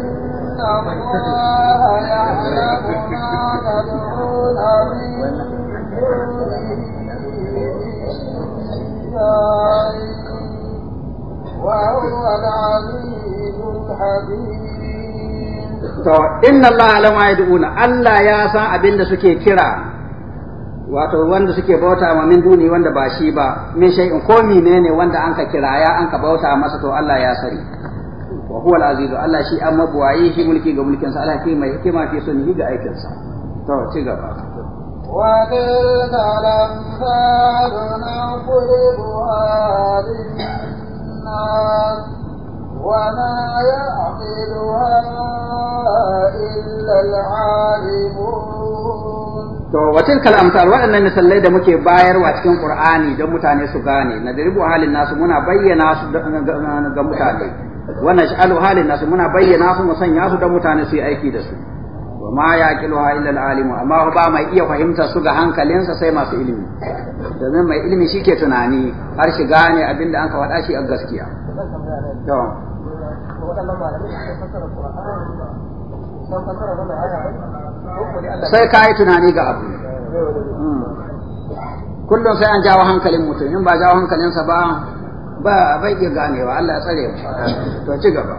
Allah alama ya du'una, Allah ya san abin da suke kira, wato wanda suke bauta ma min duni wanda ba shi ba, min shay'in ko ne wanda an ka ya an ka bauta masa to Allah ya sani. wa huwa al-aziz Allah shi amma buwaye shi mulki ga mulkin sa Allah mai hikima fi sunni ga aikin sa to ci gaba
wa dalam lamsalun qulubuha linnas wa ma ya'qiluha illa al-alimun
to wa tilka waɗannan misalai da muke bayarwa cikin Qur'ani don mutane su gane na daribu halin nasu muna bayyana su ga mutane wannan sha'alu halin nasu muna bayyana su mu sanya su don mutane su yi aiki da su wa ma ha illa alimu amma ba mai iya fahimta su ga hankalinsa sai masu ilimi domin mai ilimi shike tunani har shi gane abinda an ka faɗa shi a gaskiya
to sai ka yi tunani ga abu hmm.
kullum sai an jawo hankalin mutum in ba jawo hankalinsa ba ba bai iya ganewa Allah ya tsare mu to ci gaba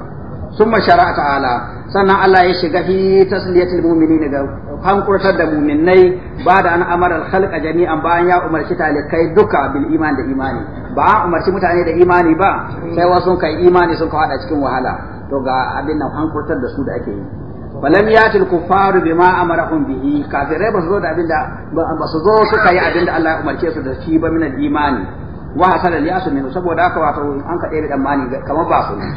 summa shara'a ta'ala sannan Allah ya shiga fi tasliyatil mu'minina da hankurtar da mu'minnai ba da an amara al-khalqa jami'an bayan ya umarci talikai duka bil iman da imani ba umarci mutane da imani ba sai wasu kai imani sun kawo cikin wahala to ga abin nan hankurtar da su da ake yi falam yatil al-kuffar bima amarahum bihi kafirai ba su zo da abinda ba su zo suka yi abinda Allah ya umarce su da shi ba min al-imani wa al yasu minu saboda haka wato an ka dan mani kamar ba su ne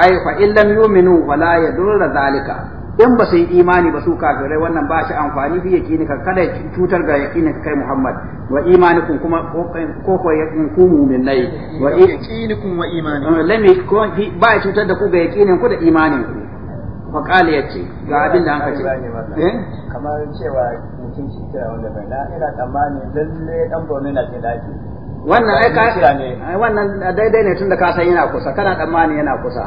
ai fa in lam yu'minu wala yadurra zalika in ba su yi imani ba su kafirai wannan ba shi amfani fi yaqini ka kada cutar ga yaqini ka kai Muhammad wa imanikum kuma ko ko yaqin ku mu'minai wa yaqinikum wa imanikum eh, lami ko ba cutar da ku ga yaqinin ku da imanin ku fa qala yace ga abin da an ce eh? kamar cewa mutum shi kira wanda bai da ina tsammani lalle dan bone na ke dace wannan ai ka wannan daidai ne tunda ka san yana kusa kana tsammani yana kusa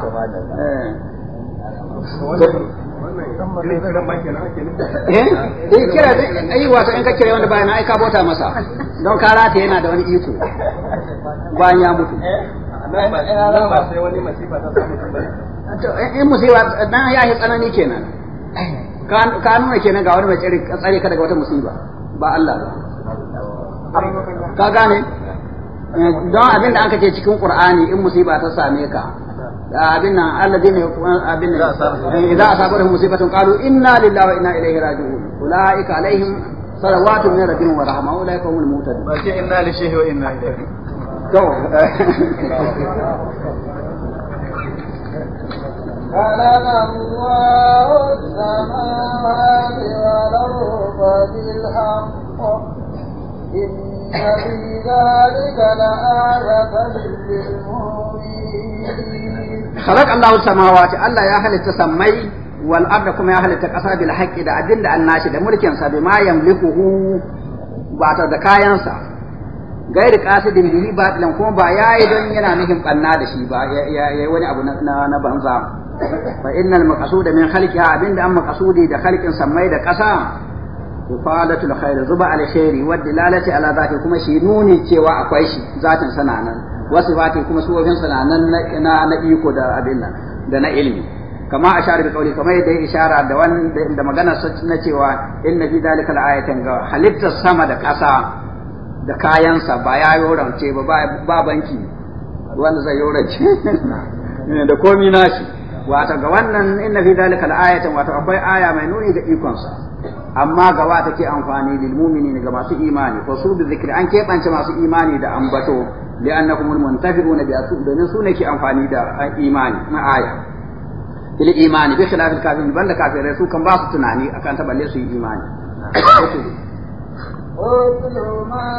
eh, eh? kira ai wato in ka kira wanda bayan ai ka bota masa don ka rata yana da wani iko bayan ya mutu in musiba dan ya yi tsanani kenan
ka nuna kenan ga wani mai tsare ka daga wata musiba ba Allah
ba ka gane
don abin da aka ce cikin qur'ani in musiba ta same ka abin nan allah alladina abin nan idza eh, asabatuhum musibatun qalu inna lillahi wa inna ilaihi raji'un ulaika alaihim salawatu min rabbihim wa rahma ulaika humul muhtadun ba ce inna lillahi wa inna ilaihi to eh.
خلق الله السماوات والأرض بالحق ففي ذلك لآية للمؤمنين خلق الله السماوات الله يا
أهل التسمي والأرض كما يا أهل التقصى بالحق إذا أدن الناشي ده ملك ينسى بما يملكه بعد ذكا ينسى غير قاصد به باطلا كما با yayi don yana nufin banna da shi ba yayi wani abu na na banza fa innal maqsuda min khalqiha abinda an maqsudi da khalqin samai da kasa ifadatul khair zuba alkhairi wa dilalati ala zati kuma shi nuni cewa akwai shi zatin sana nan wasu zati kuma wajen sana nan na ina na iko da abin nan da na ilmi kama ashara bi qawli kama yadda ishara da wanda da magana sun na cewa inna fi zalikal ayatan ga halitta sama da ƙasa da kayansa ba ya yorance ba ba banki wanda zai yorance da komi nashi wato ga wannan inna fi zalikal ayatan wato akwai aya mai nuni ga ikonsa amma ta take amfani lil mumini ga masu imani ko su bi zikri an kebance masu imani da ambato li'annakum muntafiquna bi asu da su ne ke amfani da imani na aya lil imani bi al kafirin banda kafirai su kan ba su tunani akan ta balle su yi imani
اتل ما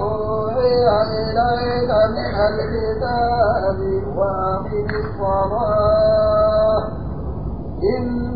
أوحي إليك من الكتاب وأقم الصلاة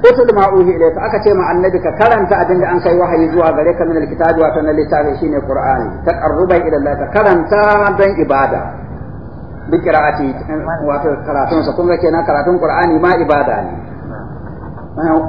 utul ma uhi ilayka aka ce ma annabi ka karanta abin da an kai wahayi zuwa gare ka min alkitabi wato na littafi shine qur'ani taqarruba ila Allah ka karanta dan ibada bi qira'ati wato karatun sa kuma ga kenan karatun qur'ani ma ibada ne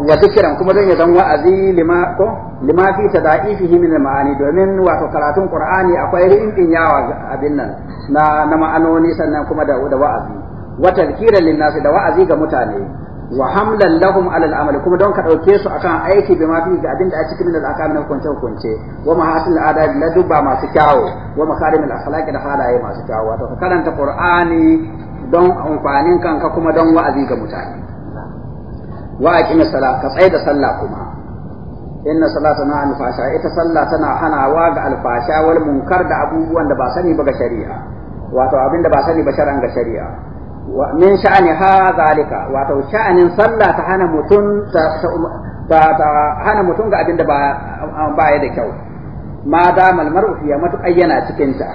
wa zikran kuma dan ya zan wa'azi lima ko lima fi tada'ifihi min al-ma'ani domin wato karatun qur'ani akwai rinkin yawa abin nan na na ma'anoni sannan kuma da wa'azi wa tadhkira lin-nasi da wa'azi ga mutane wa hamlan lahum ala al-amali kuma don ka dauke su akan aiki bi ma fi ga abinda a cikin al-akami na kunce kunce wa mahasil adab la dubba masu kyawu wa makarim al-akhlaq da halaye masu kyawu wato ka karanta qur'ani don amfanin kanka kuma don wa'azi ga mutane wa aqimi salat ka tsaya da sallah kuma inna salata na al-fasha ita sallah tana hanawa ga al-fasha wal munkar da abubuwan da ba sani ba ga shari'a wato abinda ba sani ba shar'an ga shari'a min sha'ani ha zalika wato sha'anin sallah ta hana mutum ta hana mutum ga abinda ba ba ya da kyau ma da malmar ya matu ayyana cikin ta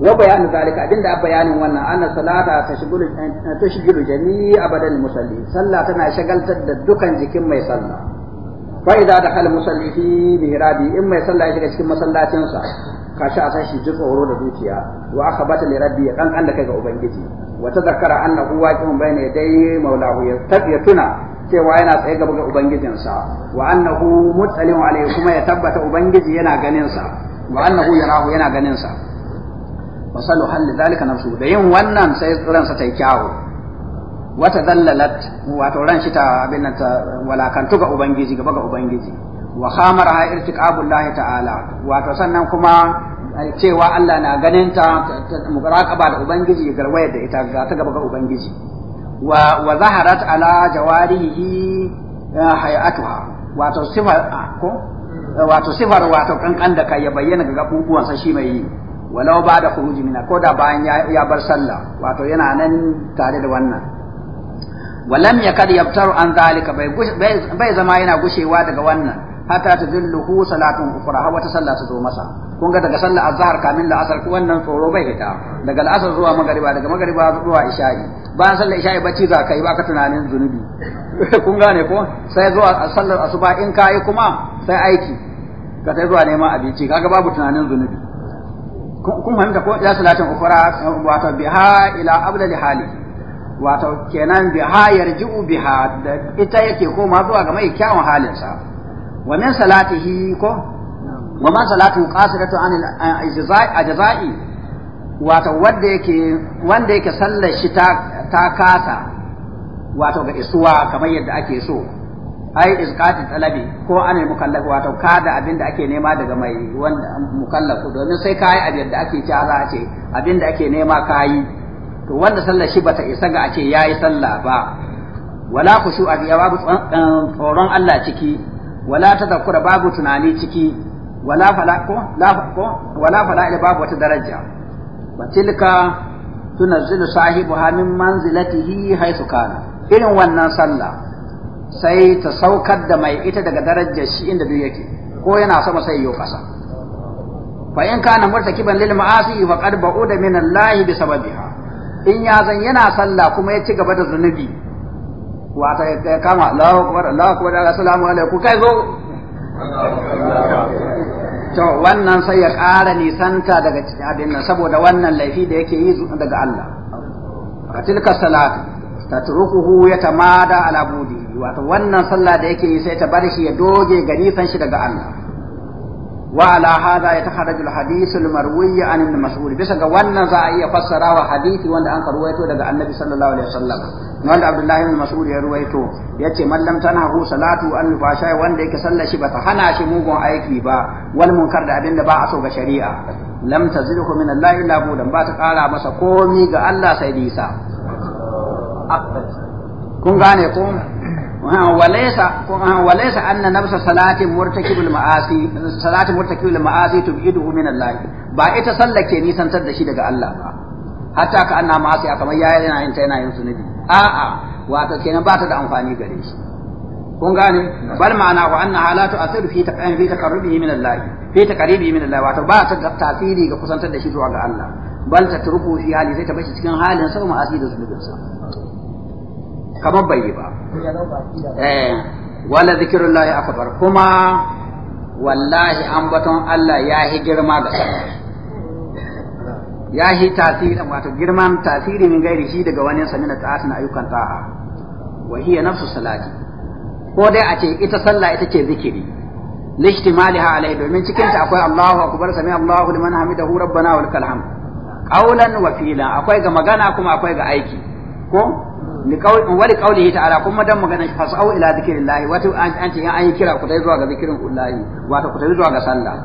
wa bayanu zalika abinda a bayanin wannan anna salata tashghulu tashghulu jami'a badal musalli sallah tana shagaltar da dukan jikin mai sallah fa idza dakhala musalli fi mihrabi in mai sallah ya shiga cikin masallacinsa. sa kashi a shi ji tsoro da dukiya wa bata li rabbi ya dan kan da kai ga ubangiji wata zakara annahu waqihun bayna dai maulahu ya tuna cewa yana tsaye gaba ga ubangijinsa wa annahu mutsalin alaihi kuma ya tabbata ubangiji yana ganin sa wa annahu yarahu yana ganin sa wa sallu hal zalika nafsu da yin wannan sai ransa ta kyawu wata dallalat wato ran shi ta abin ta walakantu ga ubangiji gaba ga ubangiji wa khamara irtiqabullahi ta'ala wato sannan kuma cewa Allah na ganin ta muraqaba da ubangiji garwaya da ita ga ta gaba ga ubangiji wa wa zaharat ala jawarihi eh, hayatuha wato sifar ah, ko eh, wato sifar wato kankan da kai ya bayyana ga gabubuwan sa shi mai yi walau ba da khuruji mina ko da bayan ya bar sallah wato yana nan tare da wannan walam yakad yabtaru an zalika bai zama yana gushewa daga wannan hatta tadullu salatun ukhra hawa ta sallah ta zo masa kun ga daga sallar azhar kamin la'asar wannan tsoro bai fita daga la'asar zuwa magariba daga magariba zuwa isha'i bayan sallar isha'i bacci za ka yi baka tunanin zunubi kun gane ko sai zuwa sallar asuba in ka yi kuma sai aiki ka sai zuwa neman abinci kaga babu tunanin zunubi kun fahimta ko ya salatin ukura wato biha ila abdal hali wato kenan biha yarji'u biha ita yake koma zuwa ga mai kyawun halinsa wa min salatihi ko wa man salatu qasidatu an al-ijza'i ajza'i wato wanda yake wanda yake sallar shi ta kasa wato ga isuwa kamar yadda ake so ai isqati talabi ko an mukallaf wato kada abin da ake nema daga mai wanda mukallafu domin sai kai abin da ake cewa a ce abin ake nema kai to wanda sallar bata isa ga a ce yayi sallah ba wala khushu'a babu tsoron Allah ciki wala ta tadakkura babu tunani ciki wala fala ko la ko wala fala ila babu wata daraja wa tilka tunazzilu sahibuha min manzilatihi haythu kana irin wannan sallah sai ta saukar da mai ita daga darajar shi inda duk yake ko yana sama sai yau kasa fa in kana murtakiban lil ma'asi fa qad ba'uda min Allah bi sababiha in ya zan yana sallah kuma ya ci gaba da zunubi wata kama Allahu akbar Allahu akbar assalamu alaikum kai zo to wannan sai ya ƙara nisanta daga abin nan saboda wannan laifi da yake yi daga Allah a tilka salatu tatrukuhu ya tamada ala budi wato wannan sallah da yake yi sai ta bar shi ya doge ga nisan shi daga Allah وعلى هذا يتخرج الحديث المروي عن ابن مسعود bisa ga wannan za a iya fassarawa hadisi wanda an karwaito daga annabi sallallahu alaihi wasallam wanda abdullahi ibn mas'ud ya ce mallam man lam tanahu salatu an fasha wanda yake sallar shi bata hana shi mugun aiki ba wal munkar da abinda ba a so ga shari'a lam tazilhu min Allah illa budan ba ta kara masa komi ga Allah sai disa kun gane ko وليس أن نفس صلاة مرتكب المعاصي صلاة مرتكب المعاصي تبعده من الله با ita sallar ke nisantar shi daga Allah ba hatta ka anna ma'asi a kamar yayin yana yin ta yana yin sunubi a'a wato kenan ba ta da amfani gare shi kun gane bal ma'ana wa anna halatu asiru fi taqan fi taqarrubihi min Allah fi taqarrubihi min Allah wato ba ta tasiri ga kusantar da shi zuwa ga Allah bal ta turku fi hali sai ta bashi cikin halin sa ma'asi da zunubinsa kamar bai yi ba eh wala zikrullahi akbar kuma wallahi an baton Allah ya yi girma ga sallah ya yi tasiri wato girman tasiri min gairi shi daga wani sami na ta'asin ayyukan ta'a wa hiya nafsu salati ko dai a ce ita sallah ita ce zikiri lishtimaliha alai domin cikin ta akwai Allahu akbar sami Allahu liman hamidahu rabbana wa lakal hamd qawlan wa fi'lan akwai ga magana kuma akwai ga aiki ko wali qawlihi ta'ala kuma dan magana shi fasau ila zikrillahi wato an ce an yi kira ku dai zuwa ga zikirin ullahi wato ku dai zuwa ga sallah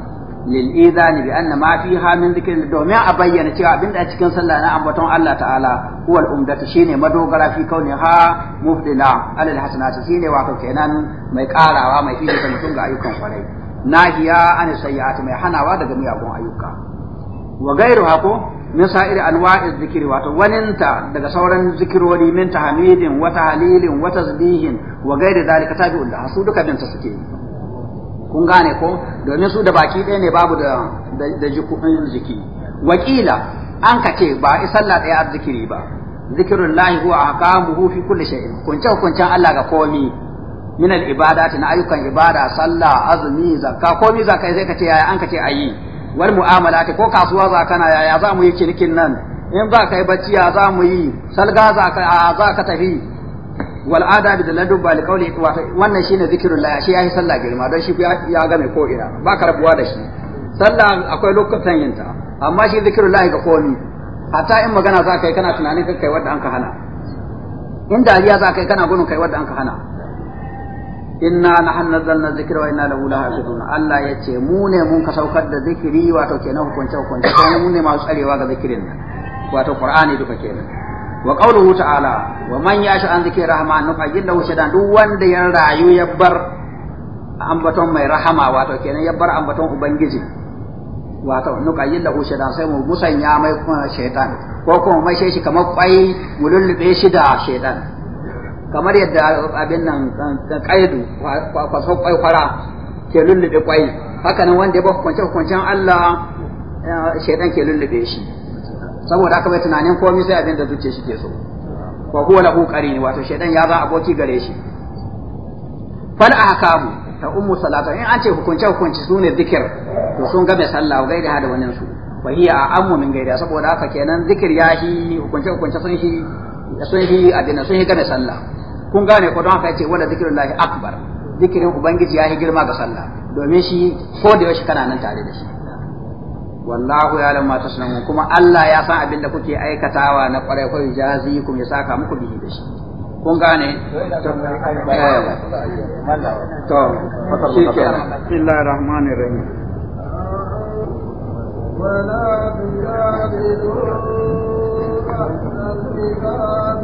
lil idani bi anna ma fiha min domin a bayyana cewa abinda a cikin sallah na ambaton Allah ta'ala huwal umdata shine madogara fi kauni ha mufdila alal hasanati shine wato kenan mai karawa mai da mutum ga ayyukan kwarai nahiya an sayyati mai hanawa daga miyagun ayyuka wa gairu hako min sa'iri anwa'iz zikiri wato waninta daga sauran zikirori min tahmidin wa tahlilin wa tasbihin wa ghairi zalika tabi'un da su duka binta suke kun gane ko domin su da baki ɗaya ne babu da da ziki. wakila an ka ce ba a sallah ɗaya a zikiri ba zikirun lahi huwa ahkamuhu hufi kulle shay'in kunce kuncen Allah ga komi min al ibadati na ayyukan ibada sallah azumi zakka komi zakka sai ka ce yaya an ka ce ayi wal mu'amalati ko kasuwa za kana yaya za mu yi cinikin nan in ba kai bacci ya za mu yi salga za ka za ka tafi wal adabi da ladun ba alqawli wannan shine zikrullah shi yayi sallah girma don shi ya mai ko ina ba ka rabuwa da shi sallah akwai lokutan yinta amma shi zikrullah ga komi hatta in magana za ka yi kana tunanin kai wanda an ka hana in dariya za ka yi kana gudun kai wanda an ka hana inna nahnu nazzalna dhikra wa inna lahu lahafizun Allah yace mu ne mun ka saukar da zikiri wato kenan hukunce hukunce kuma mu ne masu tsarewa ga zikirin nan wato qur'ani duka kenan wa qawluhu ta'ala wa man yasha an zikri rahman nuqayyid lahu shaytan duk wanda ya rayu ya bar ambaton mai rahama wato kenan ya bar ambaton ubangiji wato nuqayyid lahu shaytan sai mu musanya mai kuma shaytan ko kuma mai shi kamar kwai mu lullube shi da shaytan kamar yadda abin nan eh, kaidu kwaso kwai fara ke lullube kwai haka nan wanda ya ba kwance kwancen Allah eh, shaidan ke lullube shi saboda haka bai tunanin komai sai abin da zuciya shi ke so wa huwa lahu qarin wato shaidan ya za aboki gare shi fal ahkamu ta ummu salata in an ce hukunce hukunci sune zikir to sun ga mai sallah ga da hada wannan su wa hiya ammu min gaida saboda haka kenan zikir ya shi hukunce hukunce sun shi sun shi abin sun yi ga sallah kun gane ko don haka yace wala zikrullahi akbar zikirin ubangiji yayi girma ga sallah domin shi ko da yaushe kana nan tare da shi wallahu ya lamma tasnamu kuma Allah ya san abin da kuke aikatawa na kwarai ko jazi ya saka muku bihi da shi kun gane to shikenan rahmanir rahim
ولا تجادلوا أهل الكتاب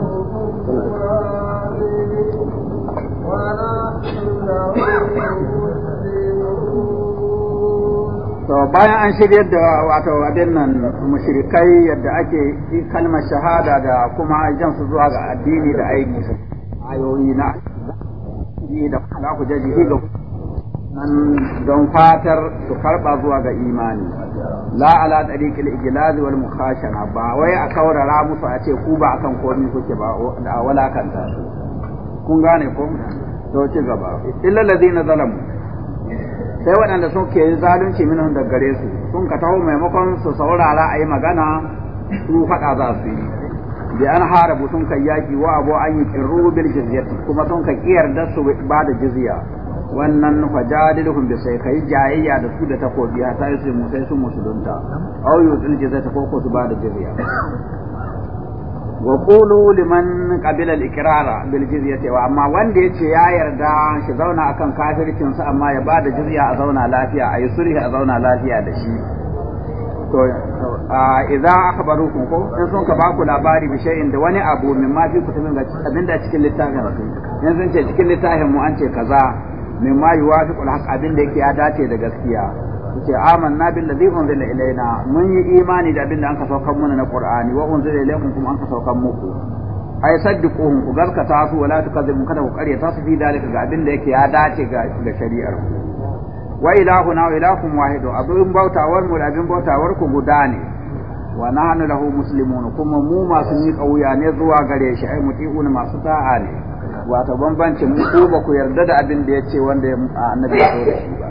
to bayan an shirya da wato abin nan mushrikai yadda ake kalmar shahada da kuma jan su zuwa ga addini da aiki ayoyi na yi da za ku jaji ga nan don fatar su karba zuwa ga imani la ala tariqil ijlaz wal mukhashana ba wai a kaurara musu a ce ku ba akan komai kuke ba wala kanta. kun gane ko to ci gaba illal ladina zalamu sai waɗanda suke zalunci minhum da gare su sun ka taho maimakon su saurara a yi magana su faɗa za su yi bi an harabu sun kai yaki wa abu an yi ƙirru bil kuma sun ka da su ba da jizya wannan da bi sai kai jayayya da su da takobi ta sai su musulunta au yuzil zai ta koko su ba da jizya wa qulu liman qabila al-ikrara bil jizyati wa amma wanda yace ya yarda shi zauna akan kafircin sa amma ya bada jizya a zauna lafiya ayi sulhi a zauna lafiya da shi to idza akhbarukum ko in sun ka baku labari bi shay'in da wani abu min ma fi kutubin ga abinda cikin littafin rasul in ce cikin littafin mu an ce kaza min ma yuwafiqul haqq abinda yake ya dace da gaskiya ce amanna billazi unzila ilaina mun yi imani da abinda an ka saukan muna na qur'ani wa unzila ilaikum kuma an ka saukan muku ai saddiquhum ku ta su wala tukazzibu kada ku ta su fi dalika ga abinda yake ya dace ga ga shari'ar ku wa ilahuna wa ilahukum wahidu abin bautawar mu da abin bautawar ku guda ne wa nahnu lahu muslimun kuma mu masu miƙa wuya ne zuwa gare shi ai muti'un masu ta'a ne wata bambancin mu ku ku yarda da abin da yace wanda annabi ya da ba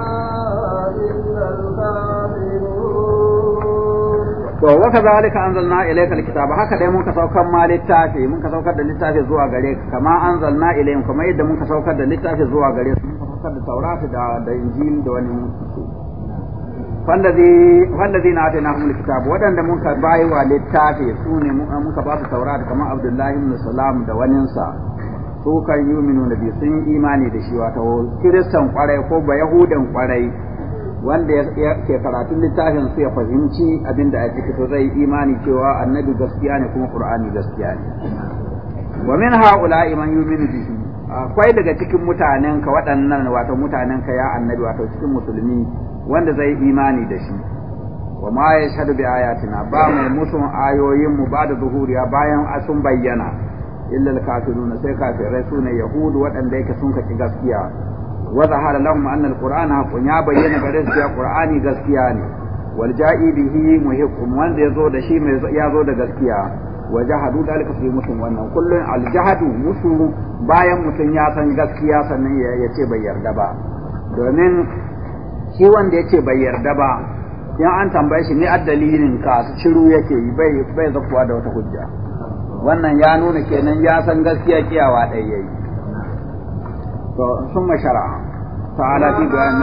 to wa kadhalika anzalna ilayka alkitaba haka dai mun ka saukar ma littafi mun ka saukar da littafi zuwa gare ka kama anzalna ilayhim kuma yadda mun ka saukar da littafi zuwa gare su mun ka saukar da taurati da da injil da wani musu fallazi fallazi na atina hum alkitab wadanda mun ka bayi wa littafi su ne mun ka ba su taurati kama abdullahi ibn salam da sa su kan yuminu nabi sun imani da shi wato kiristan kwarai ko ba yahudan kwarai wanda ke karatun littafin su ya fahimci abinda da a ciki su zai imani cewa annabi gaskiya ne kuma qur'ani gaskiya ne
wa min haula
iman yuminu bihi akwai daga cikin mutanen ka waɗannan wato mutanen ka ya annabi wato cikin musulmi wanda zai imani da shi wa ma yashhadu bi ayatina ba mai musu ayoyin mu ba da buhuriya bayan sun bayyana illa al-kafiruna sai kafirai sune yahudu waɗanda yake sun kaci gaskiya wa zahara lahum anna alqur'ana ya bayyana garin su cewa gaskiya ne wal ja'i bihi muhiqqun wanda yazo da shi mai ya zo da gaskiya wa jahadu dalika su mutum wannan kullun al jahadu musu bayan mutum ya san gaskiya sannan ya ce bai yarda ba domin shi wanda ya ce bai yarda ba in an tambaye shi ne a dalilin ka shiru yake yi bai bai da wata hujja wannan ya nuna kenan ya san gaskiya kiyawa ɗaya yayi ثم شرع تعالى في بيان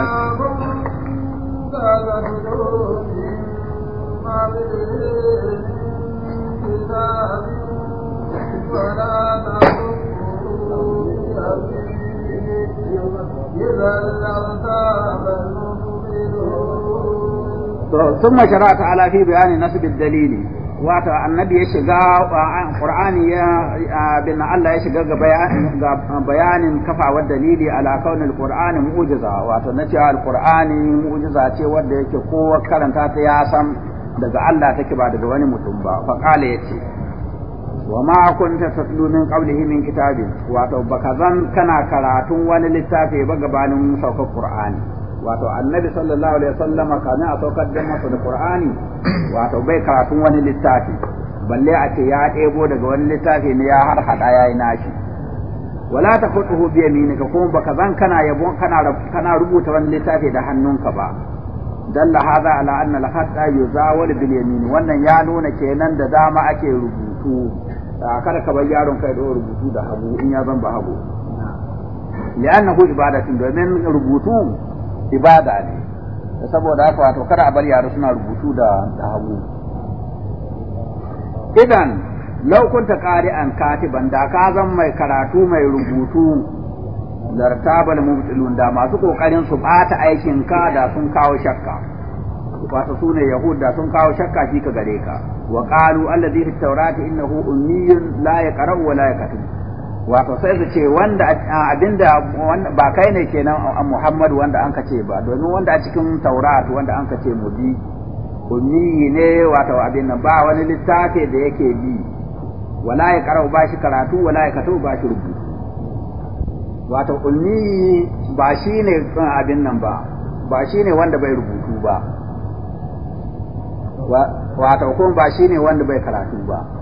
ثم شرع تعالى في بيان نسب الدليل wato annabi ya shiga qur'ani ya bin Allah ya shiga ga bayanin kafawar dalili ala kaunil qur'ani mu'jiza wato na cewa alqur'ani mu'jiza ce wanda yake kowa karanta ta ya san daga Allah take ba daga wani mutum ba fa qala yace wa ma kunta tatlu min qawlihi min kitabin wato baka zan kana karatun wani littafi ba gabanin saukar qur'ani wato annabi sallallahu alaihi wasallama kana a saukar da masa da qur'ani wato bai karatun wani littafi balle a ce ya ɗebo daga wani littafi ne ya har ya yi nashi wala ta kuɗuhu biya ka kuma baka zan kana yabo kana rubuta wani littafi da hannunka ba dalla hadha ala anna al hatta yuzawal bil yamin wannan ya nuna kenan da dama ake rubutu ah, kada ka bar yaron kai da rubutu da hagu in ya zan ba hagu li'annahu ibadatin domin rubutu ibada ne saboda haka wato kada a bar yara suna rubutu da da hagu idan law kunta qari'an katiban da ka zan mai karatu mai rubutu tabal mubtilun da masu kokarin su bata aikin ka da sun kawo shakka wato sune da sun kawo shakka shi ka gare ka wa qalu allazi fi tawrati innahu ummiyun la yaqra'u wa la yakatub wato sai su ce wanda abinda ba kai ne kenan Muhammadu wanda an kace ba domin wanda a cikin Taurat wanda an kace mu bi ummi ne wato abin nan ba wani littafi da yake bi wala ya karau ba shi karatu wala ya kato ba shi rubutu wato ummi ba shi ne uh, abin nan ba ba shi ne wanda bai rubutu ba wato kuma ba shi ne wanda bai karatu ba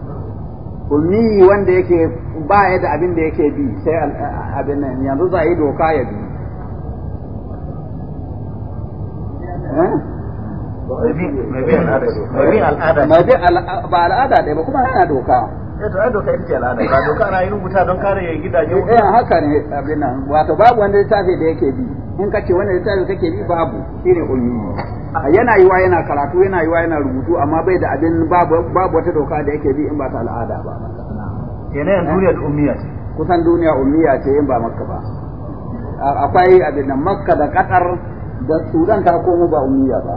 ummi wanda yake ba ya da abin da yake bi sai abin nan yanzu za a yi doka ya bi eh? mai bi al'ada ba al'ada ɗaya ba kuma yana doka eh to doka ita ce al'ada ba doka ana yin rubuta don kare
ya gidaje eh, eh haka
ne abin nan wato babu wanda littafi da yake bi in kace wanda littafi kake bi babu shine ummi ah. yana yiwa yana karatu yana yiwa yana rubutu amma bai da abin babu babu wata doka da yake bi in ba ta al'ada ba kenan duniya ummiya ce kusan duniya ummiya ce in ba makka ba akwai abin nan makka da qatar da sudan ta komo ba umiya ba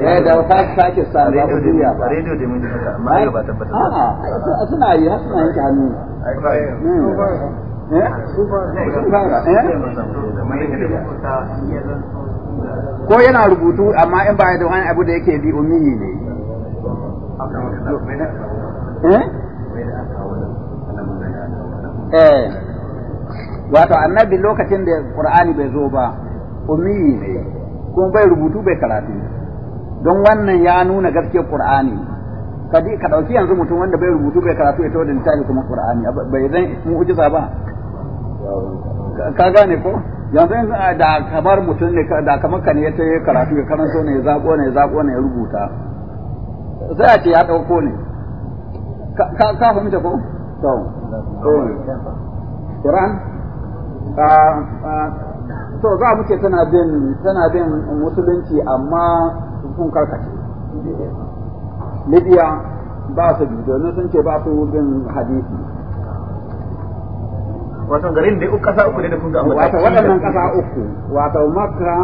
eh da ta sake sa ba umiya ba radio da mun haka amma ba tabbata a suna yi suna yanke hannu
ko yana rubutu
amma in ba da wani abu da yake bi ummi ne eh? eh wato annabi lokacin da qur'ani bai zo ba ummi ne kuma bai rubutu bai karatu don wannan ya nuna gaskiyar qur'ani ka ka dauki yanzu mutum wanda bai rubutu bai karatu ya tawadin da kuma qur'ani bai zan mu'jiza ba ka gane ko yanzu da kamar mutum ne da kamar kan ya tayi karatu ya karanto ne ya zako ne ya zako ne ya rubuta sai a ce ya dauko ne ka ka fahimta ko to Quran ah, ah, to za mu ce tana bin tana bin musulunci amma sun karkace libya ba su bi domin sun ce ba su bin hadisi wato garin da uku kasa uku ne da kun ga amma wato waɗannan kasa uku wato makka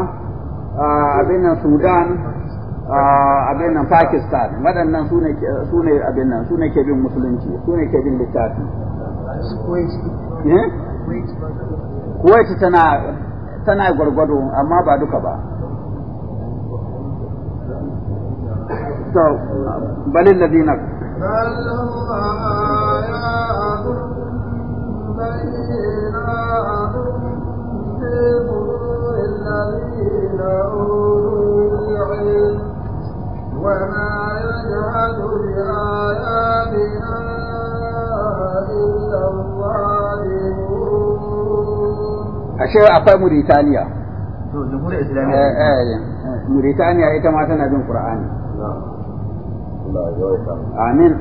abin nan sudan abin nan pakistan waɗannan su ne su ne abin nan su ne ke bin musulunci su ne ke bin littafi kuwait eh? tana tana gwargwado amma ba duka ba to balil ladina
وما يجهد بآياتنا إلا الظالمون
ashe akwai Muritaniya
to jamhuriyar islamiyya eh, eh,
eh. Muritaniya ita ma tana bin Qur'ani amin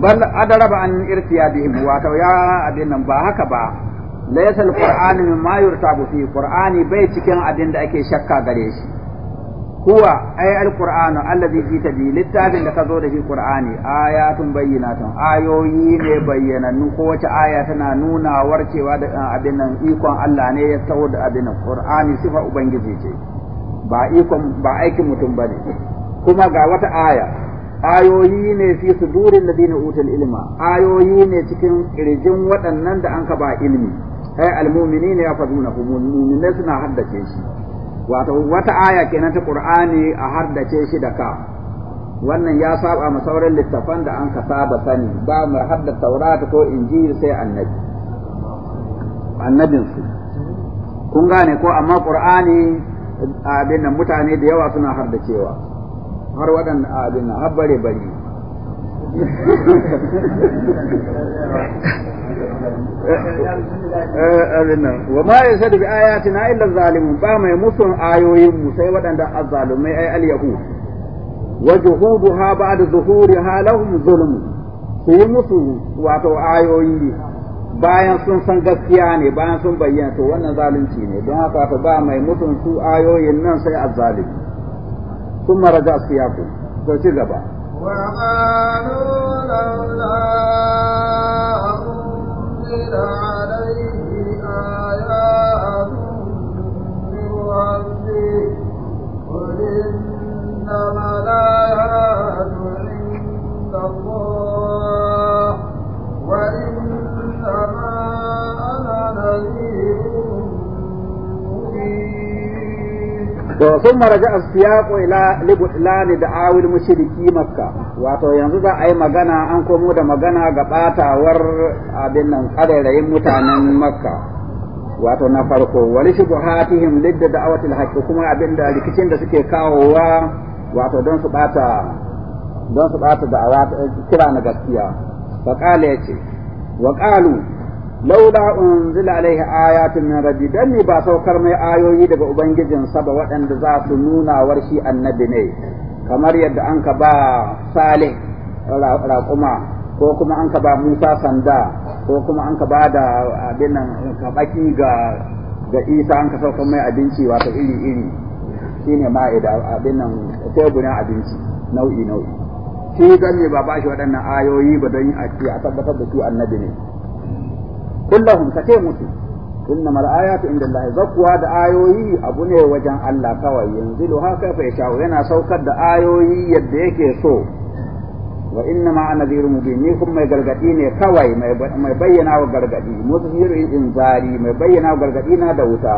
bal adaraba an irtiya bihim wa ta ya abin nan ba haka ba laysa al-qur'anu mimma yurtabu fi qur'ani bai cikin abin da ake shakka gare shi huwa ay alqur'anu allazi jita bi littafin da ka zo da shi qur'ani ayatun bayyinatun ayoyi ne bayyanannu ko wace aya tana nuna warcewa da ah, abin nan ikon Allah ne ya tawo da abin nan qur'ani sifa ubangiji ce ba ikon ba aikin mutum bane kuma ga wata aya ayoyi ne fi sudurin ladina utul ilma ayoyi ne cikin kirjin waɗannan da an ka ba ilmi ay almu'minina yafaduna humul mu'minina suna haddace shi wato wata aya kenan ta qur'ani a hardace shi da ka wannan ya saba ma sauran littafan da an ka saba sani ba mu hadda taurata ko injili sai annabi annabin su kun gane ko amma qur'ani abin nan mutane da yawa suna hardacewa har waɗanda abin nan har bare bari Eh, wa يزد بآياتنا إلا الظالمون illa يمسون ba mai عند الظالم mu sai waɗanda azzalumai ay al yahud wa juhuduha ba'da zuhuriha lahum wato ayoyi bayan sun san gaskiya ne bayan sun bayyana to wannan zalunci ne don haka ta ba mai musun su ayoyin nan sai azzalimi kuma raja siyaku to ci gaba
وقالوا لولا أنزل عليه آيات من ربه قل إنما الآيات عند الله وإنما أنا نذير
to sun maraja a siyaƙo ila da awil mushriki makka wato yanzu za a yi magana an komo da magana ga batawar abin nan ƙarairayin mutanen makka wato na farko wani shigo hatihim lidda da awatul haƙƙi kuma abin da rikicin da suke kawowa wato don su ɓata don su ɓata da kira na gaskiya faƙala ya ce wa laula unzila alaihi ayatun min rabbi dan ne ba saukar mai ayoyi daga ubangijin sa ba waɗanda za su nuna war shi annabi ne kamar yadda an ka ba salih raƙuma ko kuma an ka ba musa sanda ko kuma an ka ba da abin nan baki ga ga isa an ka saukar mai abinci wato iri iri shine ma'ida abin nan teburin abinci nau'i nau'i shi dan ne ba ba shi waɗannan ayoyi ba don a ce a tabbatar da shi annabi ne kullahum ka ce musu inna mal ayatu inda Allah zakwa da ayoyi abu ne wajen Allah kawai yanzu ha kaifa yasha'u yana saukar da ayoyi yadda yake so wa inna ma nadhirun mubin ni kuma mai gargadi ne kawai mai bayyana wa gargadi mutahirun inzari mai bayyana wa gargadi na da wuta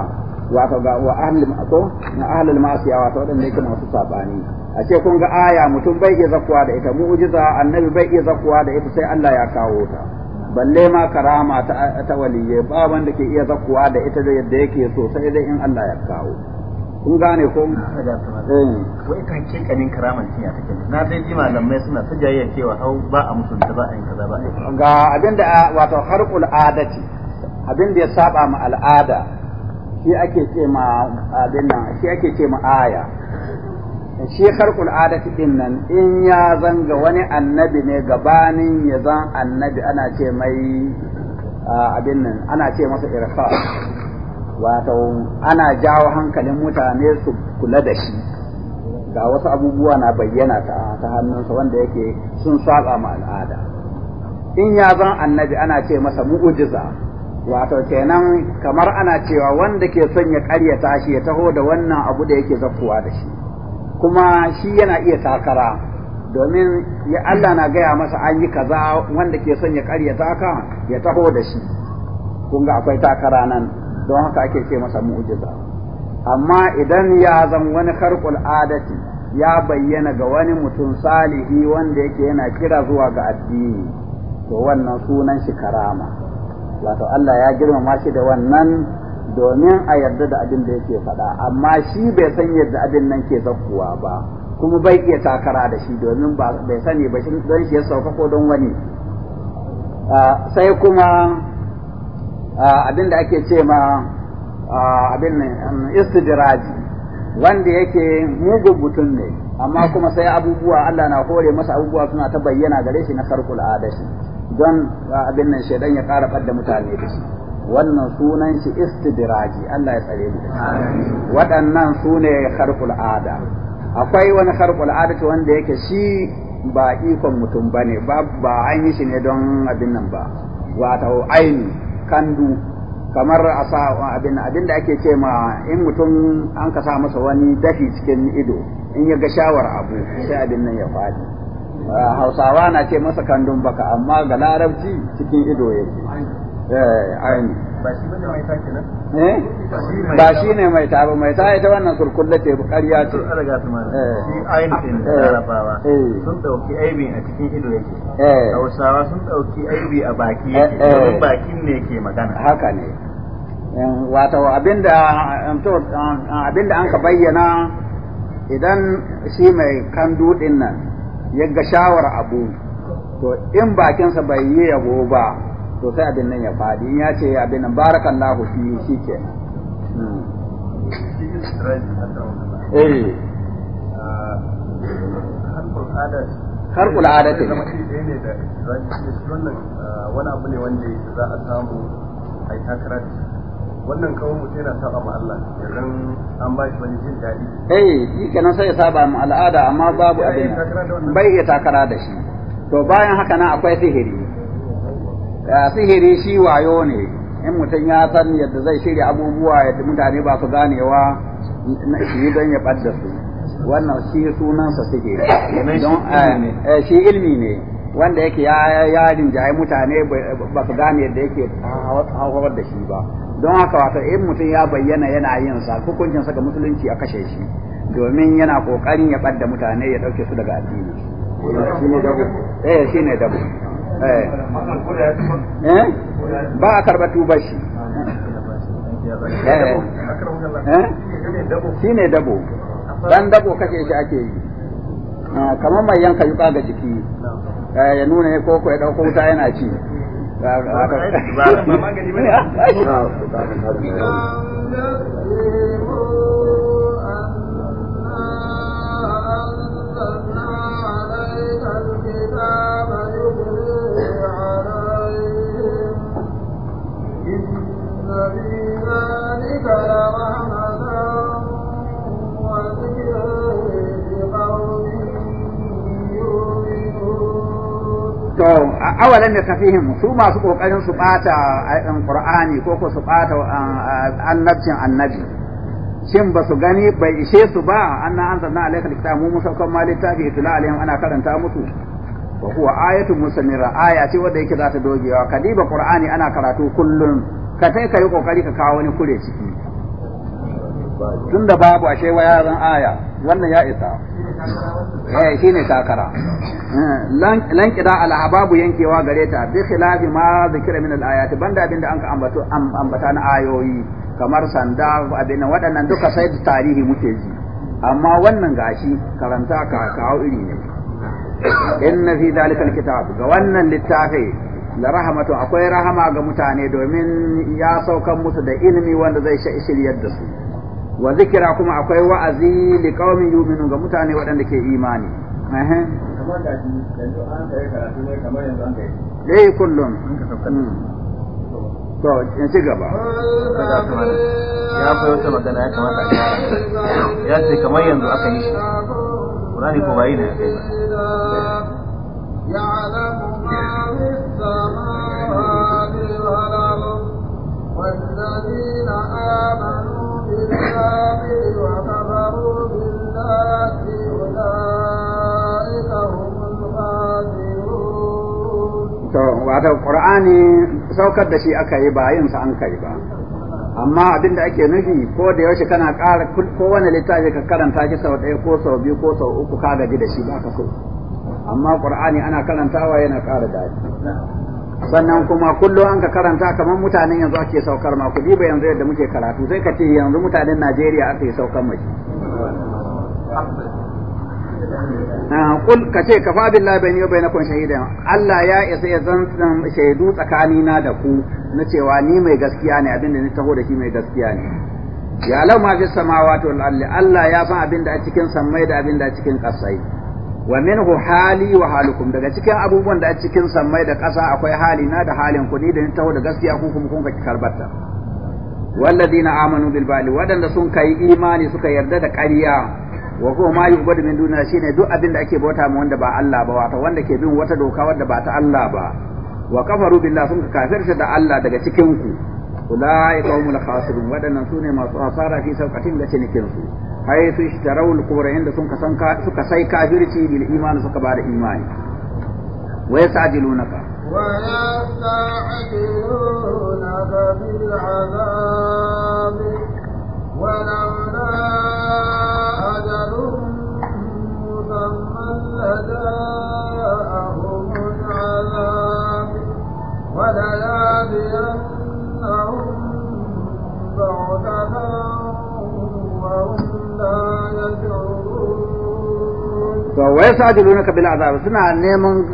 wato ga wa ahli ko na ahli al-ma'siya wato wadanda yake masu sabani a ce kun ga aya mutum bai iya zakwa da ita mu'jiza annabi bai iya zakwa da ita sai Allah ya kawo ta balle ma karama ta ta waliye ba wanda ke iya zakkuwa da ita da yadda yake so sai dai in Allah ya kawo kun gane ko eh wai kan ke kanin karaman tinya take na dai ji malamai suna ta jayyar cewa au ba a musu da ba a yin kaza ba a ga abinda wato harqul adati abinda ya saba ma al'ada shi ake ce ma abin nan shi ake ce ma aya shi kharqul adati din nan in ya zanga wani annabi ne gabanin ya zan annabi ana ce mai abin nan ana ce masa irfa wato ana jawo hankalin mutane su kula da shi ga wasu abubuwa na bayyana ta ta hannunsa wanda yake sun saba ma al'ada in ya zan annabi ana ce masa mu'ujiza wato kenan kamar ana cewa wanda ke son ya karyata shi ya taho da wannan abu da yake zakkuwa da shi kuma shi yana iya takara domin ya Allah na gaya masa an yi kaza wanda ke son ya karya taka ya taho da shi kun ga akwai takara nan don haka ake ce masa mu'jiza amma idan ya zan wani harkul adati ya bayyana ga wani mutum salihi wanda yake yana kira zuwa ga addini to wannan sunan shi karama wato Allah ya girmama shi da wannan domin a yarda da abin da yake faɗa amma shi bai san yadda abin nan ke zakkuwa ba kuma bai iya takara da shi domin bai sani ba shi don shi ya sauka ko don wani sai kuma abin da ake ce ma abin um, istidiraji wanda yake mugun mutum ne amma kuma sai abubuwa Allah na kore masa abubuwa suna ta bayyana gare shi na sarkul adashi don abin nan shaidan ya ƙara fadda mutane da shi wannan sunan shi istidraji Allah ya tsare mu waɗannan su ne harkul ada akwai wani harkul ada wanda yake shi ba ikon mutum ba ne ba an shi ne don abin nan ba wato aini kandu kamar a sa abin abin da ake ce ma in mutum an ka sa masa wani dafi cikin ido in ya ga shawar abu sai abin nan ya faɗi hausawa na ce masa kandun baka amma ga larabci cikin ido yake Eh, ba shi eh? ne mai ta ba mai ta ita wannan surkulla ce ƙarya ce eh. shi ainihin da larabawa sun ɗauki aibi a cikin ido yake hausawa sun ɗauki aibi a baki yake domin bakin ne ke magana haka ne wato abinda abinda an ka bayyana idan shi mai kan dudin nan ya ga shawar abu to in bakinsa bai yi yabo ba to sai abin nan ya faɗi in ya ce abin nan barakallahu fi shi ke hmm.
eh. harkul adati ne eh, wani abu ne wanda za a samu a yi takara wannan kawai mutum yana saba ma Allah idan an ba shi wani jin daɗi
eh shi kenan sai ya saba ma al'ada amma babu abin bai iya takara da shi to bayan haka nan akwai sihiri Eh, sihiri shi wayo ne in mutum ya san yadda zai shirya abubuwa yadda mutane ba su ganewa shi yi don ya ɓadda su wannan shi sunansa sihiri shi eh, ilmi eh, ne wanda yake ya rinjaye mutane ba su gane yadda yake hawar da shi ba don haka wato in mutum ya bayyana yana yin sa hukuncin saka musulunci a kashe shi domin yana kokarin ya ɓadda mutane ya ɗauke su daga addini eh ne dabu ba a karɓa tubar shi shi ne dabo dan dabo kashe shi ake yi kamar mai yanka yuka ga jiki ya nuna ya koko ya ɗauko wuta yana ci magani
to awalan
da tafihim su masu kokarin su bata qur'ani ko ko su bata annabcin annabi shin ba su gani bai ishe su ba anna anzalna alaikal kitabu mu musakkan ma littafi tula alaihim ana karanta musu wa huwa ayatu musannira aya ce wanda yake za ta dogewa kadiba qur'ani ana karatu kullun ka kai kai kokari ka kawo wani kure ciki tunda babu ashe wa yaran aya wannan ya isa eh shine takara
eh,
lan kida al hababu yankewa gare ta bi khilafi ma zikira min al ayati banda abinda an ka ambato ambata na ayoyi kamar sanda abin waɗannan duka sai da tarihi muke ji amma wannan gashi karanta ka kawo iri ne
inna fi zalika al
kitab ga wannan littafi la rahamatu akwai rahama ga mutane domin ya saukan musu da ilimi wanda zai shiryar da su wa zikira kuma akwai wa'azi li qaumi yu'minu ga mutane waɗanda ke imani eh eh kullum to in ci gaba
ya fi wata magana ya kamata ya ce kamar yanzu aka yi shi Qur'ani ko bai ne ya kai
to wato ƙur'ani saukar da shi aka yi ba yin sa an kai ba amma abin ake nufi ko da yaushe kana ƙara kowane littafi ka karanta shi sau ɗaya ko sau biyu ko sau uku ka gaji da shi ba ka so amma ƙur'ani ana karantawa yana ƙara daɗi sannan kuma kullum an ka karanta kamar mutanen yanzu ake saukar ma ku duba yanzu yadda muke karatu sai ka ce yanzu mutanen Najeriya ake saukar mai ah, kul ka ce kafa billahi bai na kun shahida. Allah ya isa ya zan shaidu tsakanina da ku na cewa ni mai gaskiya ne abinda ni taho da shi mai gaskiya ne ya lau ma fi samawa to Allah ya san abin da a cikin sammai da abin da a cikin ƙasai. wa minhu hali wa halukum daga cikin abubuwan da a cikin sammai da ƙasa akwai hali na da halin ku ni da ni taho da gaskiya ku kuma kun ki karbata walladina amanu bil bali wadanda sun kai imani suka yarda da ƙarya wa huwa ma yu'badu min duna shine duk abin da ake bauta mu wanda ba Allah ba wato wanda ke bin wata doka wanda ba ta Allah ba wa kafaru billah sun kafirta da Allah daga cikin ku ulaika humul khasirun wadannan sune masu asara fi sauqatin da cinikin su حيث اشتروا القبر عند سنك سي كافرتي بالإيمان سنك بعد إيمان ويستعجلونك
ويستعجلونك بالعذاب ولولا أجل مسمى لجاءهم العذاب وليأتينهم بغتة وهم to wai
sajiluna ka bil azab suna neman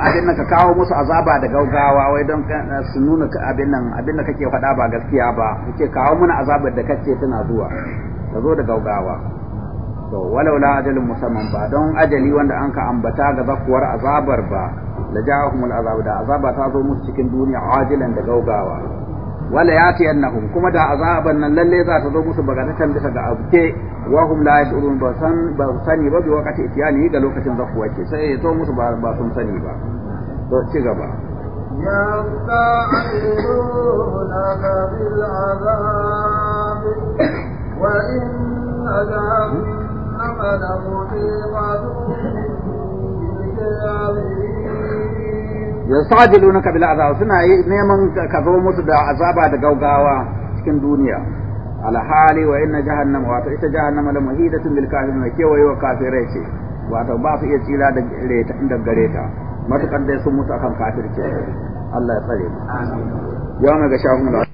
abin nan ka kawo musu azaba da gaugawa wai don eh, su nuna abin nan abin da kake faɗa ba gaskiya ba kake kawo mana azabar da kace tana zuwa Ka zo da gaugawa to walau la ajalin musamman ba don ajali wanda an ka ambata ga zakuwar azabar ba la ja'ahumul azab da azaba ta zo musu cikin duniya ajilan da gaugawa wala ya yati annahum kuma da azaban nan lalle za ta zo musu bagatatan bisa ga abuke wa hum la yashurun ba san ba sani ba bi wakati itiyani ga lokacin zakuwa ke sai ya zo musu ba ba sun sani ba to ci gaba
يستعجلونك بالعذاب وإن جهنم لمحيطة بالكافرين
ka bil azab suna neman ka zo musu da azaba da gaugawa cikin duniya hali wa inna jahannama wa ita jahannama la muhidatun bil kafirin kewaye wa kafirai ce wato ba su iya tsira da reta inda gareta matukan dai sun mutu akan kafirce Allah ya tsare mu yau ga shafin